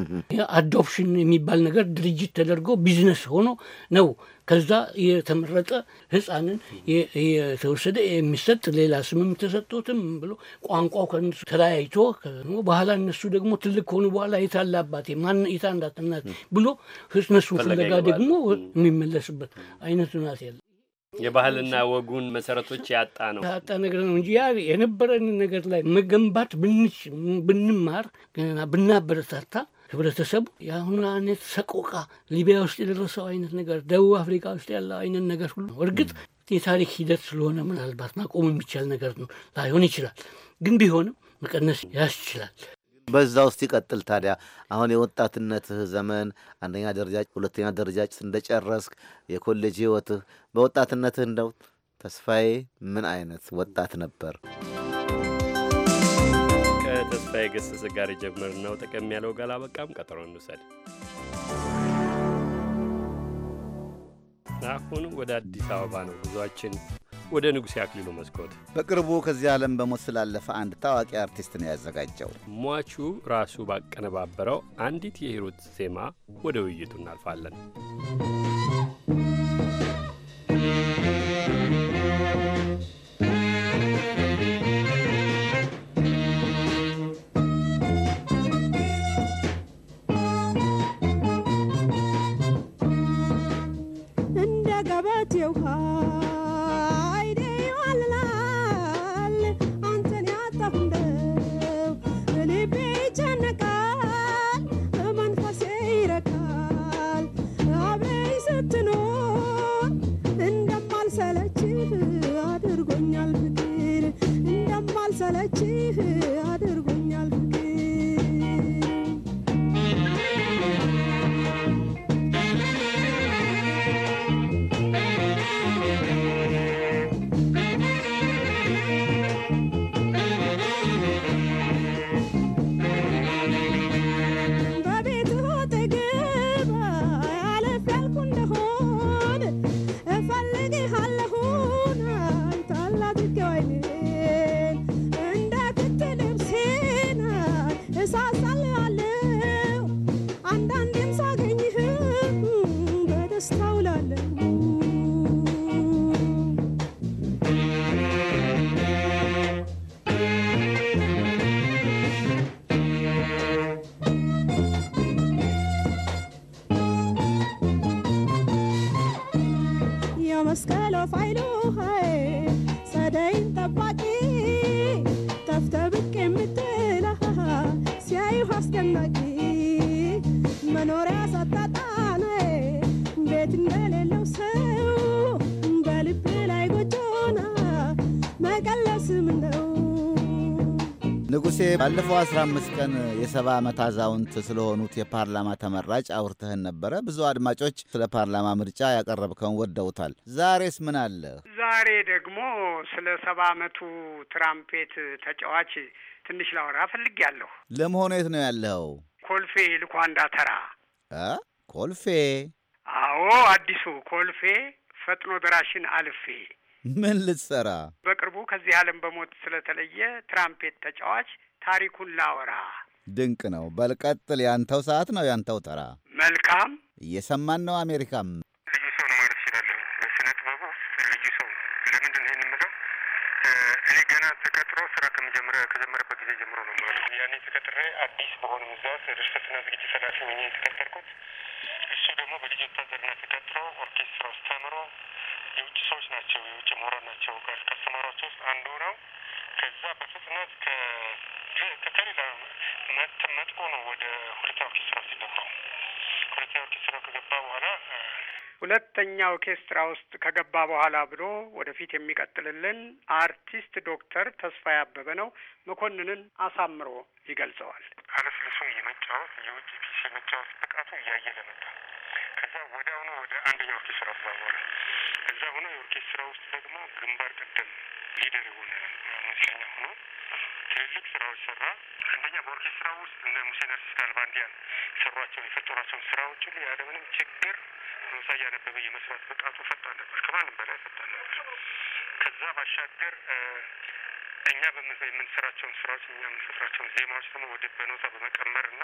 አዶፕሽን የሚባል ነገር ድርጅት ተደርጎ ቢዝነስ ሆኖ ነው። ከዛ የተመረጠ ህፃንን የተወሰደ የሚሰጥ ሌላ ስምም ተሰጥቶትም ብሎ ቋንቋው ከእነሱ ተለያይቶ በኋላ እነሱ ደግሞ ትልቅ ከሆኑ በኋላ የታለ አባቴ ማን የታ እናት ብሎ እነሱ ፍለጋ ደግሞ የሚመለስበት አይነት ናት ያለ የባህልና ወጉን መሰረቶች ያጣ ነው ያጣ ነገር ነው እንጂ ያ የነበረን ነገር ላይ መገንባት ብንች ብንማር ብናበረታታ ህብረተሰቡ የአሁኑ አይነት ሰቆቃ ሊቢያ ውስጥ የደረሰው አይነት ነገር፣ ደቡብ አፍሪካ ውስጥ ያለው አይነት ነገር ሁሉ እርግጥ የታሪክ ሂደት ስለሆነ ምናልባት ማቆም የሚቻል ነገር ነው ላይሆን ይችላል። ግን ቢሆንም መቀነስ ያስችላል። በዛ ውስጥ ይቀጥል ታዲያ። አሁን የወጣትነትህ ዘመን አንደኛ ደረጃ፣ ሁለተኛ ደረጃ እንደጨረስክ የኮሌጅ ህይወትህ በወጣትነትህ እንደው ተስፋዬ ምን አይነት ወጣት ነበር? ከተስፋዬ ገሰሰ ጋር የጀመር ነው ጥቅም ያለው ጋር በቃም ቀጠሮ እንውሰድ። አሁን ወደ አዲስ አበባ ነው ጉዟችን። ወደ ንጉሴ አክሊሉ መስኮት በቅርቡ ከዚህ ዓለም በሞት ስላለፈ አንድ ታዋቂ አርቲስት ነው ያዘጋጀው። ሟቹ ራሱ ባቀነባበረው አንዲት የሂሩት ዜማ ወደ ውይይቱ እናልፋለን። እንደ ገበት የውሃ ባለፈው 15 ቀን የሰባ ዓመት አዛውንት ስለሆኑት የፓርላማ ተመራጭ አውርተህን ነበረ። ብዙ አድማጮች ስለ ፓርላማ ምርጫ ያቀረብከውን ወደውታል። ዛሬስ ምን አለ? ዛሬ ደግሞ ስለ ሰባ ዓመቱ ትራምፔት ተጫዋች ትንሽ ላወራ ፈልጌያለሁ። ለመሆኑ የት ነው ያለኸው? ኮልፌ ልኳንዳ ተራ ኮልፌ። አዎ አዲሱ ኮልፌ ፈጥኖ ደራሽን አልፌ ምን ልትሰራ? በቅርቡ ከዚህ ዓለም በሞት ስለተለየ ትራምፔት ተጫዋች ታሪኩን ላወራ። ድንቅ ነው። በልቀጥል ያንተው ሰዓት ነው፣ ያንተው ተራ። መልካም እየሰማን ነው። አሜሪካም ልዩ ሰው ነው ማለት እችላለሁ። በስነ ጥበቡ ልዩ ሰው ነው። ለምንድን ነው ይህን የምለው? እኔ ገና ተቀጥሮ ስራ ከመጀመሪያ ከጀመረበት ጊዜ ጀምሮ ነው ማለት ያኔ ተቀጥሬ አዲስ በሆኑ ምዛት ድርሰትና ዝግጅት ሰላፊ ሆኜ የተቀጠርኩት። እሱ ደግሞ በልዩ ወታደርነት ተቀጥሮ ኦርኬስትራ ውስጥ ተምሮ የውጭ ሰዎች ናቸው የውጭ ምሁራን ናቸው። ከአስተማሪዎች ውስጥ አንዱ ነው። ከዛ በፍጥነት ከ ከሌላ መጥቆ ነው ወደ ሁለተኛ ኦርኬስትራ ውስጥ ሁለተኛ ኦርኬስትራ ከገባ በኋላ ሁለተኛ ኦርኬስትራ ውስጥ ከገባ በኋላ ብሎ ወደፊት የሚቀጥልልን አርቲስት ዶክተር ተስፋ ያበበ ነው። መኮንንን አሳምሮ ይገልጸዋል። አለስልሱን የመጫወት የውጭ ፒስ የመጫወት ብቃቱ እያየ ለመጣ ከዛ ወደ አሁኑ ወደ አንደኛ ኦርኬስትራ ተዛወረ። እዛ ሆነ የኦርኬስትራ ውስጥ ደግሞ ግንባር ቀደም ሊደር የሆነ ሙዚቀኛ ሆኖ ትልልቅ ስራዎች ሰራ። አንደኛ በኦርኬስትራ ውስጥ እንደ ሙሴ ነርሲስ ጋልባንዲያን ሰሯቸውን የፈጠሯቸውን ስራዎች ሁሉ ያለምንም ችግር ሮሳ እያነበበ የመስራት ብቃቱ ፈጣን ነበር፣ ከማንም በላይ ፈጣን ነበር። ከዛ ባሻገር እኛ የምንሰራቸውን ስራዎች እኛ የምንፈጥራቸውን ዜማዎች ደግሞ ወደ በኖታ በመቀመር እና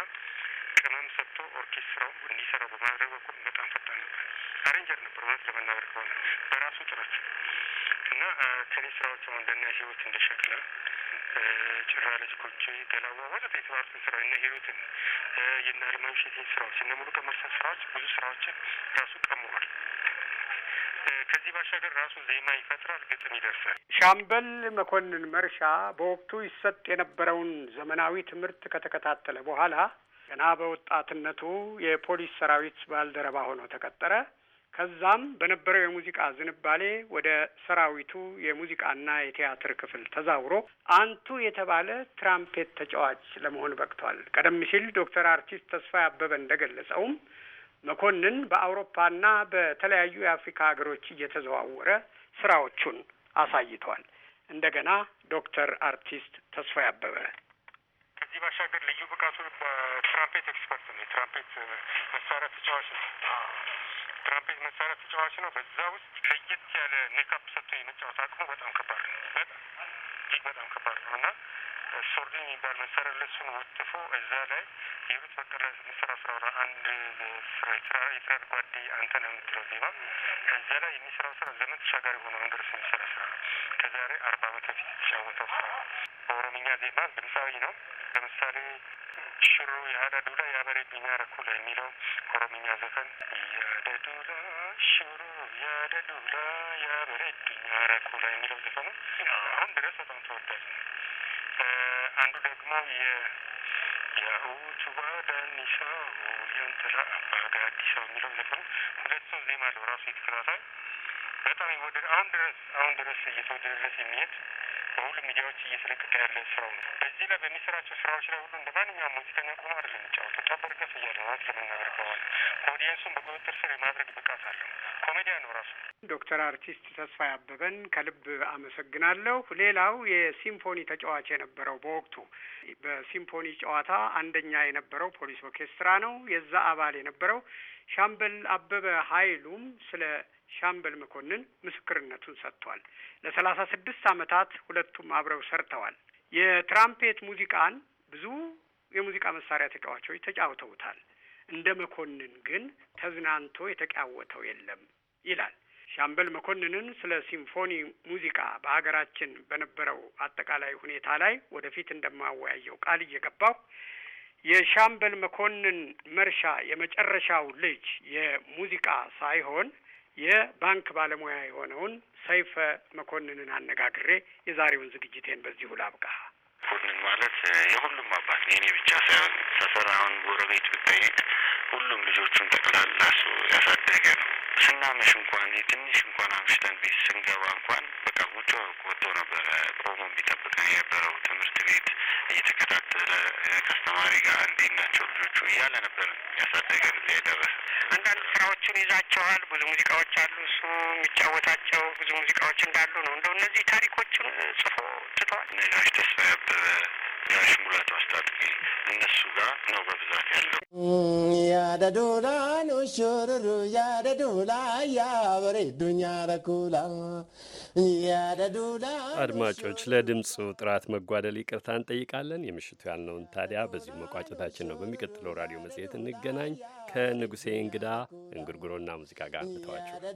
ቅመም ሰጥቶ ኦርኬስትራው እንዲሰራው በማድረግ በኩል በጣም ፈጣን ነበር። አሬንጀር ነበር እውነት ለመናገር ከሆነ በራሱ ጥረት እና ከኔ ስራዎች አሁን እንደና ህይወት እንደ ጭራ ለዝኮች ገላዋ ወዘተ የተባሉትን ስራ እና ሂሩትን የና ልማዊ ስራዎች እና ሙሉ ቀመርሳ ስራዎች ብዙ ስራዎችን ራሱ ቀምሯል። ከዚህ ባሻገር ራሱ ዜማ ይፈጥራል፣ ግጥም ይደርሳል። ሻምበል መኮንን መርሻ በወቅቱ ይሰጥ የነበረውን ዘመናዊ ትምህርት ከተከታተለ በኋላ ገና በወጣትነቱ የፖሊስ ሰራዊት ባልደረባ ሆኖ ተቀጠረ። ከዛም በነበረው የሙዚቃ ዝንባሌ ወደ ሰራዊቱ የሙዚቃና የቲያትር ክፍል ተዛውሮ አንቱ የተባለ ትራምፔት ተጫዋች ለመሆን በቅቷል። ቀደም ሲል ዶክተር አርቲስት ተስፋ አበበ እንደገለጸውም መኮንን በአውሮፓና በተለያዩ የአፍሪካ ሀገሮች እየተዘዋወረ ስራዎቹን አሳይቷል። እንደገና ዶክተር አርቲስት ተስፋ አበበ ከዚህ ባሻገር ልዩ ብቃቱ በትራምፔት ኤክስፐርት ነው። የትራምፔት መሳሪያ ተጫዋች ነው። ትራምፔት መሳሪያ ተጫዋች ነው። በዛ ውስጥ ለየት ያለ ሜካፕ ሰጥቶ የመጫወት አቅሙ በጣም ከባድ ነው። በጣም እጅግ በጣም ከባድ ነው እና ሶርዲ የሚባል መሳሪያ ለሱን ወጥፎ እዛ ላይ የሁለት በቀለ ምሰራ ስራ አንድ ስራ የትራል ጓዴ አንተ ነው የምትለው ዜማ እዛ ላይ የሚሰራው ስራ ዘመን ተሻጋሪ ሆኖ አንድረስ የሚሰራ ስራ ነው። ከዛሬ አርባ ዓመት በፊት የተጫወተው ስራ ነው። በኦሮምኛ ዜማ ድምፃዊ ነው። ለምሳሌ ሽሩ የሀዳ ዱላ የአበሬ ቢኛ ረኩላ የሚለው ኦሮምኛ ዘፈን ያደሉላ ያበረድኝ ያረኩላ የሚለው ዘፈኑ አሁን ድረስ በጣም ተወዳጅ ነው። አንዱ ደግሞ የያውቱ ባዳኒሳው የንትራ አባጋዲሳው የሚለው ዘፈኑ ሁለት ሶስት ዜማ አለው ራሱ የተከታታይ በጣም ይወደድ አሁን ድረስ አሁን ድረስ እየተወደደለት የሚሄድ በሁሉም ሚዲያዎች እየተለቀቀ ያለ ስራው ነው። በዚህ ላይ በሚሰራቸው ስራዎች ላይ ሁሉ እንደ ማንኛውም ሙዚቀኛ ቆሞ አይደለም የሚጫወተው። ጠበር ገፍ እያለ ራት ለመናገር ከሆነ ኦዲየንሱን በቁጥጥር ስር የማድረግ ብቃት አለው። ኮሜዲያ ነው ራሱ። ዶክተር አርቲስት ተስፋ ያበበን ከልብ አመሰግናለሁ። ሌላው የሲምፎኒ ተጫዋች የነበረው በወቅቱ በሲምፎኒ ጨዋታ አንደኛ የነበረው ፖሊስ ኦርኬስትራ ነው። የዛ አባል የነበረው ሻምበል አበበ ሀይሉም ስለ ሻምበል መኮንን ምስክርነቱን ሰጥቷል። ለሰላሳ ስድስት ዓመታት ሁለቱም አብረው ሰርተዋል። የትራምፔት ሙዚቃን ብዙ የሙዚቃ መሳሪያ ተጫዋቾች ተጫውተውታል። እንደ መኮንን ግን ተዝናንቶ የተጫወተው የለም ይላል። ሻምበል መኮንንን ስለ ሲምፎኒ ሙዚቃ በሀገራችን በነበረው አጠቃላይ ሁኔታ ላይ ወደፊት እንደማወያየው ቃል እየገባሁ የሻምበል መኮንን መርሻ የመጨረሻው ልጅ የሙዚቃ ሳይሆን የባንክ ባለሙያ የሆነውን ሰይፈ መኮንንን አነጋግሬ የዛሬውን ዝግጅቴን በዚሁ ላብቃ። መኮንን ማለት የሁሉም አባት የኔ ብቻ ሳይሆን ሰፈራውን ጎረቤት ብጠይቅ ሁሉም ልጆቹን ጠቅላላ እሱ ያሳደገ ነው። ስናመሽ እንኳን የትንሽ እንኳን አምሽተን ቤት ስንገባ እንኳን በቃ ውጭ ወጥቶ ነበረ ቆሞ የሚጠብቀን የነበረው ትምህርት ቤት እየተከታተለ ከአስተማሪ ጋር እንዴት ናቸው ልጆቹ እያለ ነበር ያሳደገን እዚያ የደረሰ። አንዳንድ ስራዎችን ይዛቸዋል። ብዙ ሙዚቃዎች አሉ፣ እሱ የሚጫወታቸው ብዙ ሙዚቃዎች እንዳሉ ነው። እንደው እነዚህ ታሪኮችን ጽፎ ትተዋል። ነጋሽ ተስፋዬ አበበ አድማጮች ለድምፁ ጥራት መጓደል ይቅርታ እንጠይቃለን። የምሽቱ ያልነውን ታዲያ በዚሁ መቋጨታችን ነው። በሚቀጥለው ራዲዮ መጽሔት እንገናኝ። ከንጉሴ እንግዳ እንጉርጉሮና ሙዚቃ ጋር ልተዋችሁ።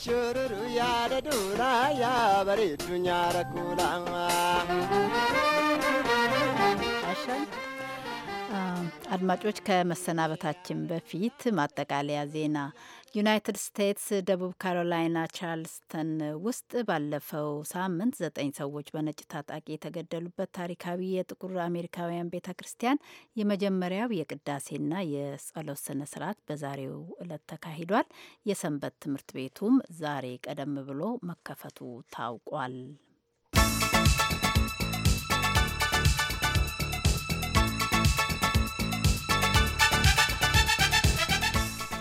shururu yaada duula yaabareedu nyaara kuulama. አድማጮች ከመሰናበታችን በፊት ማጠቃለያ ዜና ዩናይትድ ስቴትስ ደቡብ ካሮላይና ቻርልስተን ውስጥ ባለፈው ሳምንት ዘጠኝ ሰዎች በነጭ ታጣቂ የተገደሉበት ታሪካዊ የጥቁር አሜሪካውያን ቤተ ክርስቲያን የመጀመሪያው የቅዳሴና የጸሎት ስነ ስርዓት በዛሬው እለት ተካሂዷል። የሰንበት ትምህርት ቤቱም ዛሬ ቀደም ብሎ መከፈቱ ታውቋል።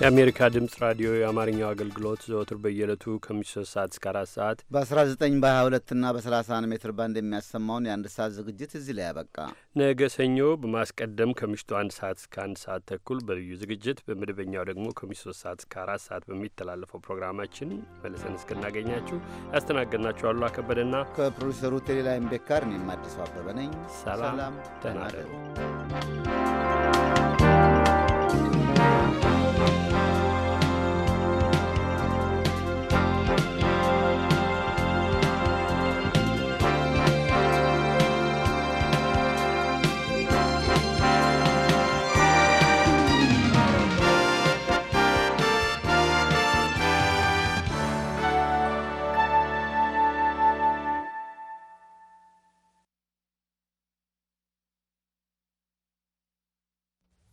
የአሜሪካ ድምፅ ራዲዮ የአማርኛው አገልግሎት ዘወትር በየዕለቱ ከምሽቱ 3 ሰዓት እስከ 4 ሰዓት በ19 በ22 እና በ31 ሜትር ባንድ የሚያሰማውን የአንድ ሰዓት ዝግጅት እዚህ ላይ ያበቃ። ነገ ሰኞ በማስቀደም ከምሽቱ አንድ ሰዓት እስከ አንድ ሰዓት ተኩል በልዩ ዝግጅት በመደበኛው ደግሞ ከምሽቱ 3 ሰዓት እስከ 4 ሰዓት በሚተላለፈው ፕሮግራማችን መልሰን እስክናገኛችሁ ያስተናገድናችሁ አሉ አከበደና ከፕሮዲሰሩ ቴሌላይም ቤካር እኔም አዲሱ አበበ ነኝ። ሰላም ተናደሩ።